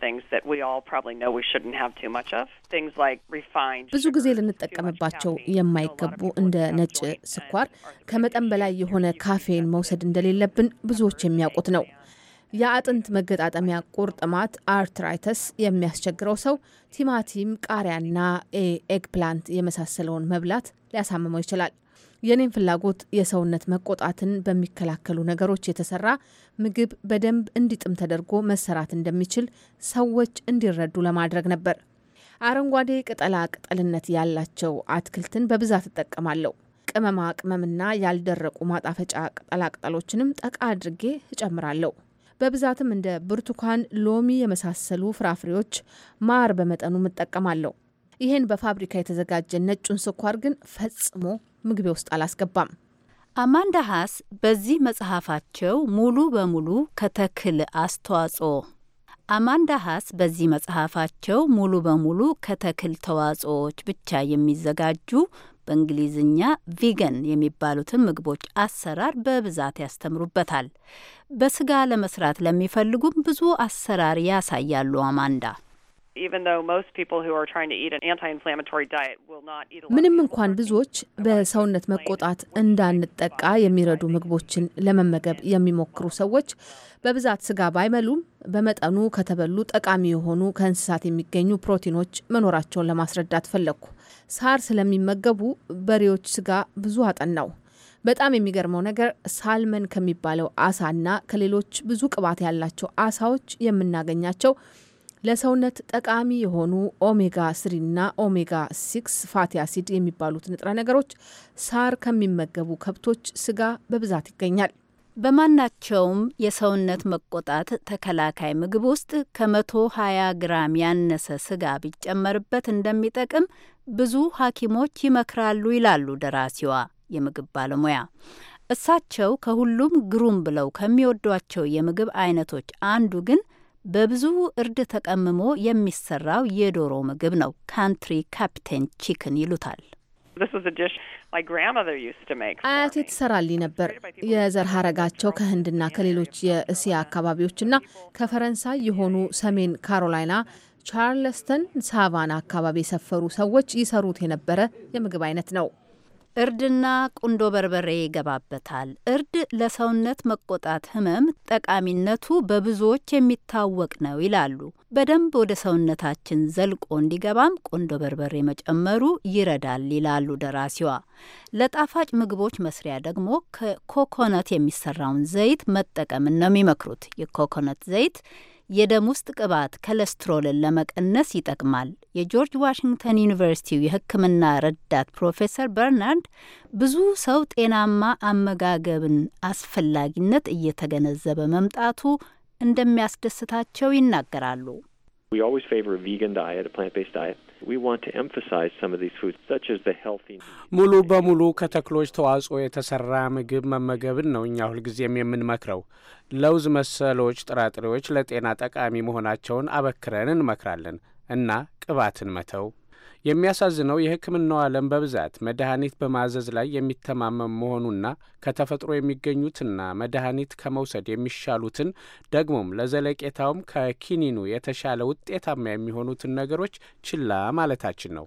things that we all probably know we shouldn't have too much of. Things like refined ብዙ ጊዜ ልንጠቀምባቸው የማይገቡ እንደ ነጭ ስኳር፣ ከመጠን በላይ የሆነ ካፌን መውሰድ እንደሌለብን ብዙዎች የሚያውቁት ነው። የአጥንት መገጣጠሚያ ቁርጥማት አርትራይተስ የሚያስቸግረው ሰው ቲማቲም፣ ቃሪያና ኤግፕላንት የመሳሰለውን መብላት ሊያሳምመው ይችላል። የኔን ፍላጎት የሰውነት መቆጣትን በሚከላከሉ ነገሮች የተሰራ ምግብ በደንብ እንዲጥም ተደርጎ መሰራት እንደሚችል ሰዎች እንዲረዱ ለማድረግ ነበር። አረንጓዴ ቅጠላ ቅጠልነት ያላቸው አትክልትን በብዛት እጠቀማለሁ። ቅመማ ቅመምና ያልደረቁ ማጣፈጫ ቅጠላ ቅጠሎችንም ጠቃ አድርጌ እጨምራለሁ። በብዛትም እንደ ብርቱካን፣ ሎሚ የመሳሰሉ ፍራፍሬዎች፣ ማር በመጠኑ እጠቀማለሁ። ይህን በፋብሪካ የተዘጋጀ ነጩን ስኳር ግን ፈጽሞ ምግቤ ውስጥ አላስገባም። አማንዳ ሀስ በዚህ መጽሐፋቸው ሙሉ በሙሉ ከተክል አስተዋጽኦ አማንዳ ሀስ በዚህ መጽሐፋቸው ሙሉ በሙሉ ከተክል ተዋጽኦዎች ብቻ የሚዘጋጁ በእንግሊዝኛ ቪገን የሚባሉትን ምግቦች አሰራር በብዛት ያስተምሩበታል። በስጋ ለመስራት ለሚፈልጉም ብዙ አሰራር ያሳያሉ አማንዳ ምንም እንኳን ብዙዎች በሰውነት መቆጣት እንዳንጠቃ የሚረዱ ምግቦችን ለመመገብ የሚሞክሩ ሰዎች በብዛት ስጋ ባይመሉም በመጠኑ ከተበሉ ጠቃሚ የሆኑ ከእንስሳት የሚገኙ ፕሮቲኖች መኖራቸውን ለማስረዳት ፈለግኩ። ሳር ስለሚመገቡ በሬዎች ስጋ ብዙ አጠናው። በጣም የሚገርመው ነገር ሳልመን ከሚባለው አሳና ከሌሎች ብዙ ቅባት ያላቸው አሳዎች የምናገኛቸው ለሰውነት ጠቃሚ የሆኑ ኦሜጋ ስሪና ኦሜጋ ሲክስ ፋቲ አሲድ የሚባሉት ንጥረ ነገሮች ሳር ከሚመገቡ ከብቶች ስጋ በብዛት ይገኛል። በማናቸውም የሰውነት መቆጣት ተከላካይ ምግብ ውስጥ ከመቶ ሀያ ግራም ያነሰ ስጋ ቢጨመርበት እንደሚጠቅም ብዙ ሐኪሞች ይመክራሉ ይላሉ ደራሲዋ የምግብ ባለሙያ። እሳቸው ከሁሉም ግሩም ብለው ከሚወዷቸው የምግብ አይነቶች አንዱ ግን በብዙ እርድ ተቀምሞ የሚሰራው የዶሮ ምግብ ነው። ካንትሪ ካፕቴን ቺክን ይሉታል። አያቴ ትሰራልኝ ነበር። የዘር ሀረጋቸው ከህንድና ከሌሎች የእስያ አካባቢዎችና ከፈረንሳይ የሆኑ ሰሜን ካሮላይና ቻርለስተን፣ ሳቫና አካባቢ የሰፈሩ ሰዎች ይሰሩት የነበረ የምግብ አይነት ነው። እርድና ቁንዶ በርበሬ ይገባበታል። እርድ ለሰውነት መቆጣት ህመም ጠቃሚነቱ በብዙዎች የሚታወቅ ነው ይላሉ። በደንብ ወደ ሰውነታችን ዘልቆ እንዲገባም ቁንዶ በርበሬ መጨመሩ ይረዳል ይላሉ ደራሲዋ። ለጣፋጭ ምግቦች መስሪያ ደግሞ ከኮኮነት የሚሰራውን ዘይት መጠቀምን ነው የሚመክሩት። የኮኮነት ዘይት የደም ውስጥ ቅባት ኮሌስትሮልን ለመቀነስ ይጠቅማል። የጆርጅ ዋሽንግተን ዩኒቨርሲቲው የሕክምና ረዳት ፕሮፌሰር በርናርድ ብዙ ሰው ጤናማ አመጋገብን አስፈላጊነት እየተገነዘበ መምጣቱ እንደሚያስደስታቸው ይናገራሉ። ሙሉ በሙሉ ከተክሎች ተዋጽኦ የተሰራ ምግብ መመገብን ነው እኛ ሁልጊዜም የምንመክረው። ለውዝ መሰሎች ጥራጥሬዎች ለጤና ጠቃሚ መሆናቸውን አበክረን እንመክራለን እና ቅባትን መተው የሚያሳዝነው የሕክምናው ዓለም በብዛት መድኃኒት በማዘዝ ላይ የሚተማመም መሆኑና ከተፈጥሮ የሚገኙትና መድኃኒት ከመውሰድ የሚሻሉትን ደግሞም ለዘለቄታውም ከኪኒኑ የተሻለ ውጤታማ የሚሆኑትን ነገሮች ችላ ማለታችን ነው።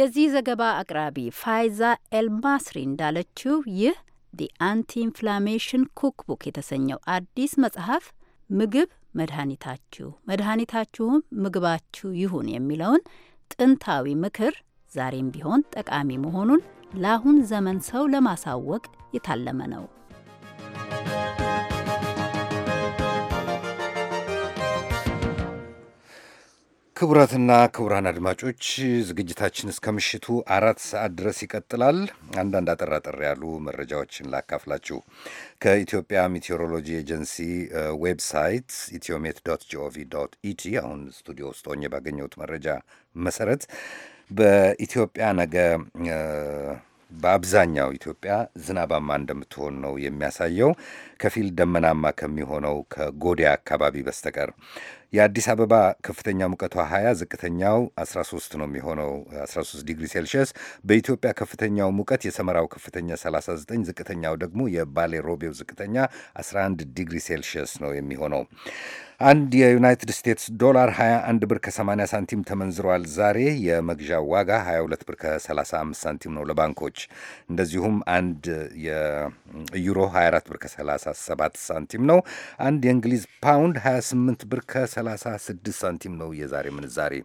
የዚህ ዘገባ አቅራቢ ፋይዛ ኤልማስሪ እንዳለችው ይህ ዲ አንቲ ኢንፍላሜሽን ኩክቡክ የተሰኘው አዲስ መጽሐፍ ምግብ መድኃኒታችሁ፣ መድኃኒታችሁም ምግባችሁ ይሁን የሚለውን ጥንታዊ ምክር ዛሬም ቢሆን ጠቃሚ መሆኑን ለአሁን ዘመን ሰው ለማሳወቅ የታለመ ነው። ክቡራትና ክቡራን አድማጮች ዝግጅታችን እስከ ምሽቱ አራት ሰዓት ድረስ ይቀጥላል። አንዳንድ አጠር አጠር ያሉ መረጃዎችን ላካፍላችሁ። ከኢትዮጵያ ሜቴሮሎጂ ኤጀንሲ ዌብሳይት ኢትዮሜት ዶት ጂኦቪ ዶት ኢቲ አሁን ስቱዲዮ ውስጥ ሆኜ ባገኘሁት መረጃ መሰረት በኢትዮጵያ ነገ በአብዛኛው ኢትዮጵያ ዝናባማ እንደምትሆን ነው የሚያሳየው ከፊል ደመናማ ከሚሆነው ከጎዴ አካባቢ በስተቀር የአዲስ አበባ ከፍተኛ ሙቀቷ 20፣ ዝቅተኛው 13 ነው የሚሆነው 13 ዲግሪ ሴልሺየስ። በኢትዮጵያ ከፍተኛው ሙቀት የሰመራው ከፍተኛ 39፣ ዝቅተኛው ደግሞ የባሌ ሮቤው ዝቅተኛ 11 ዲግሪ ሴልሺየስ ነው የሚሆነው። አንድ የዩናይትድ ስቴትስ ዶላር 21 ብር ከ80 ሳንቲም ተመንዝሯል። ዛሬ የመግዣ ዋጋ 22 ብር ከ35 ሳንቲም ነው ለባንኮች። እንደዚሁም አንድ የዩሮ 24 ብር ከ37 ሳንቲም ነው። አንድ የእንግሊዝ ፓውንድ 28 ብር ከ36 ሳንቲም ነው የዛሬ ምንዛሬ።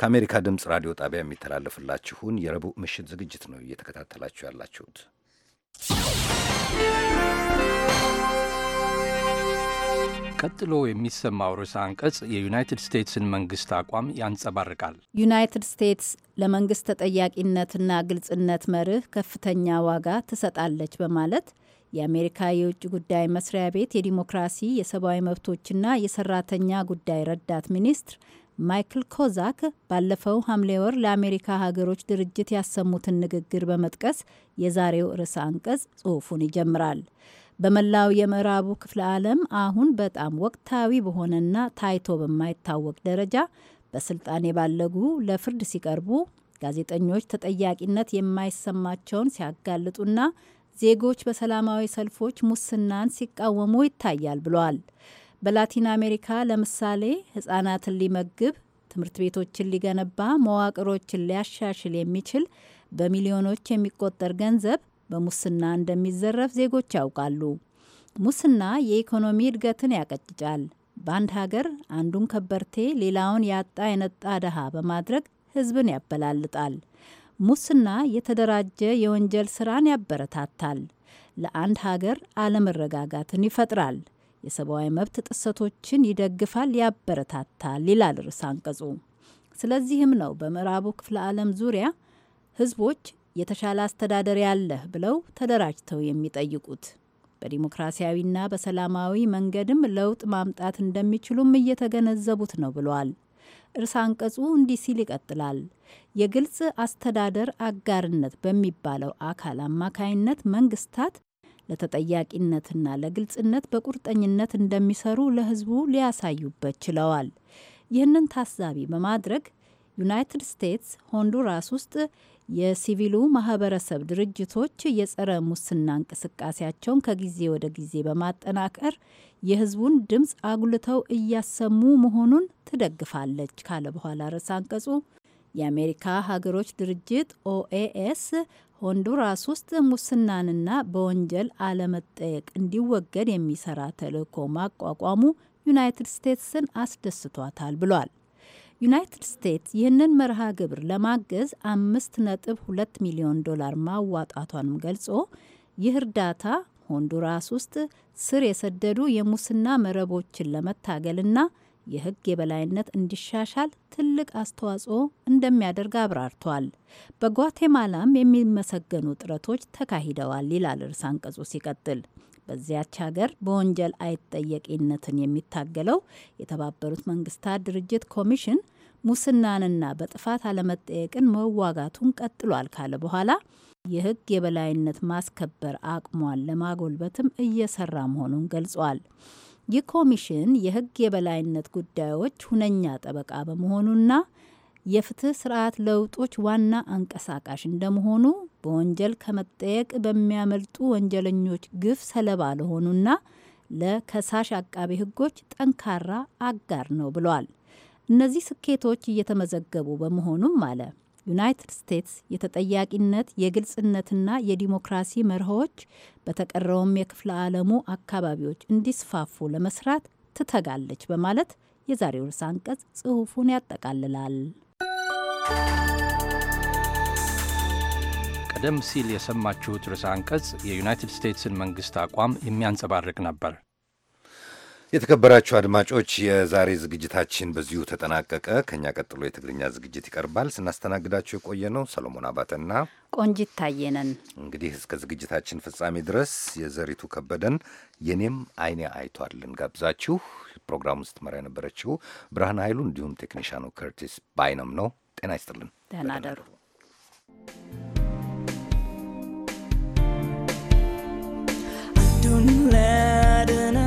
ከአሜሪካ ድምፅ ራዲዮ ጣቢያ የሚተላለፍላችሁን የረቡዕ ምሽት ዝግጅት ነው እየተከታተላችሁ ያላችሁት። ቀጥሎ የሚሰማው ርዕሰ አንቀጽ የዩናይትድ ስቴትስን መንግስት አቋም ያንጸባርቃል። ዩናይትድ ስቴትስ ለመንግስት ተጠያቂነትና ግልጽነት መርህ ከፍተኛ ዋጋ ትሰጣለች በማለት የአሜሪካ የውጭ ጉዳይ መስሪያ ቤት የዲሞክራሲ የሰብአዊ መብቶችና የሰራተኛ ጉዳይ ረዳት ሚኒስትር ማይክል ኮዛክ ባለፈው ሐምሌ ወር ለአሜሪካ ሀገሮች ድርጅት ያሰሙትን ንግግር በመጥቀስ የዛሬው ርዕሰ አንቀጽ ጽሑፉን ይጀምራል። በመላው የምዕራቡ ክፍለ ዓለም አሁን በጣም ወቅታዊ በሆነና ታይቶ በማይታወቅ ደረጃ በስልጣን የባለጉ ለፍርድ ሲቀርቡ ጋዜጠኞች ተጠያቂነት የማይሰማቸውን ሲያጋልጡና ዜጎች በሰላማዊ ሰልፎች ሙስናን ሲቃወሙ ይታያል ብለዋል። በላቲን አሜሪካ ለምሳሌ ሕጻናትን ሊመግብ ትምህርት ቤቶችን ሊገነባ መዋቅሮችን ሊያሻሽል የሚችል በሚሊዮኖች የሚቆጠር ገንዘብ በሙስና እንደሚዘረፍ ዜጎች ያውቃሉ። ሙስና የኢኮኖሚ እድገትን ያቀጭጫል። በአንድ ሀገር አንዱን ከበርቴ ሌላውን ያጣ የነጣ ደሃ በማድረግ ህዝብን ያበላልጣል። ሙስና የተደራጀ የወንጀል ስራን ያበረታታል። ለአንድ ሀገር አለመረጋጋትን ይፈጥራል። የሰብአዊ መብት ጥሰቶችን ይደግፋል፣ ያበረታታል ይላል ርዕስ አንቀጹ። ስለዚህም ነው በምዕራቡ ክፍለ ዓለም ዙሪያ ህዝቦች የተሻለ አስተዳደር ያለህ ብለው ተደራጅተው የሚጠይቁት በዲሞክራሲያዊና በሰላማዊ መንገድም ለውጥ ማምጣት እንደሚችሉም እየተገነዘቡት ነው ብሏል። እርስ አንቀጹ እንዲህ ሲል ይቀጥላል። የግልጽ አስተዳደር አጋርነት በሚባለው አካል አማካይነት መንግስታት ለተጠያቂነትና ለግልጽነት በቁርጠኝነት እንደሚሰሩ ለህዝቡ ሊያሳዩበት ችለዋል። ይህንን ታሳቢ በማድረግ ዩናይትድ ስቴትስ ሆንዱራስ ውስጥ የሲቪሉ ማህበረሰብ ድርጅቶች የጸረ ሙስና እንቅስቃሴያቸውን ከጊዜ ወደ ጊዜ በማጠናከር የህዝቡን ድምፅ አጉልተው እያሰሙ መሆኑን ትደግፋለች ካለ በኋላ ርዕሰ አንቀጹ የአሜሪካ ሀገሮች ድርጅት ኦኤኤስ ሆንዱራስ ውስጥ ሙስናንና በወንጀል አለመጠየቅ እንዲወገድ የሚሰራ ተልእኮ ማቋቋሙ ዩናይትድ ስቴትስን አስደስቷታል ብሏል። ዩናይትድ ስቴትስ ይህንን መርሃ ግብር ለማገዝ አምስት ነጥብ ሁለት ሚሊዮን ዶላር ማዋጣቷንም ገልጾ ይህ እርዳታ ሆንዱራስ ውስጥ ስር የሰደዱ የሙስና መረቦችን ለመታገልና የሕግ የበላይነት እንዲሻሻል ትልቅ አስተዋጽኦ እንደሚያደርግ አብራርቷል። በጓቴማላም የሚመሰገኑ ጥረቶች ተካሂደዋል ይላል እርስ አንቀጹ ሲቀጥል። በዚያች ሀገር በወንጀል አይጠየቂነትን የሚታገለው የተባበሩት መንግስታት ድርጅት ኮሚሽን ሙስናንና በጥፋት አለመጠየቅን መዋጋቱን ቀጥሏል ካለ በኋላ የህግ የበላይነት ማስከበር አቅሟን ለማጎልበትም እየሰራ መሆኑን ገልጿል። ይህ ኮሚሽን የህግ የበላይነት ጉዳዮች ሁነኛ ጠበቃ በመሆኑና የፍትህ ስርዓት ለውጦች ዋና አንቀሳቃሽ እንደመሆኑ በወንጀል ከመጠየቅ በሚያመልጡ ወንጀለኞች ግፍ ሰለባ ለሆኑና ለከሳሽ አቃቤ ህጎች ጠንካራ አጋር ነው ብለዋል። እነዚህ ስኬቶች እየተመዘገቡ በመሆኑም አለ ዩናይትድ ስቴትስ የተጠያቂነት የግልጽነትና የዲሞክራሲ መርሆች በተቀረውም የክፍለ ዓለሙ አካባቢዎች እንዲስፋፉ ለመስራት ትተጋለች በማለት የዛሬው ርዕሰ አንቀጽ ጽሑፉን ያጠቃልላል። ቀደም ሲል የሰማችሁት ርዕሰ አንቀጽ የዩናይትድ ስቴትስን መንግሥት አቋም የሚያንጸባርቅ ነበር። የተከበራችሁ አድማጮች የዛሬ ዝግጅታችን በዚሁ ተጠናቀቀ። ከእኛ ቀጥሎ የትግርኛ ዝግጅት ይቀርባል። ስናስተናግዳችሁ የቆየ ነው ሰሎሞን አባተና ቆንጂት ታየነን። እንግዲህ እስከ ዝግጅታችን ፍጻሜ ድረስ የዘሪቱ ከበደን የኔም አይኔ አይቷል ልንጋብዛችሁ። ፕሮግራም ውስጥ መራ የነበረችው ብርሃን ኃይሉ እንዲሁም ቴክኒሻኑ ከርቲስ ባይነም ነው። ጤና ይስጥልን። ደህና ደሩ። Don't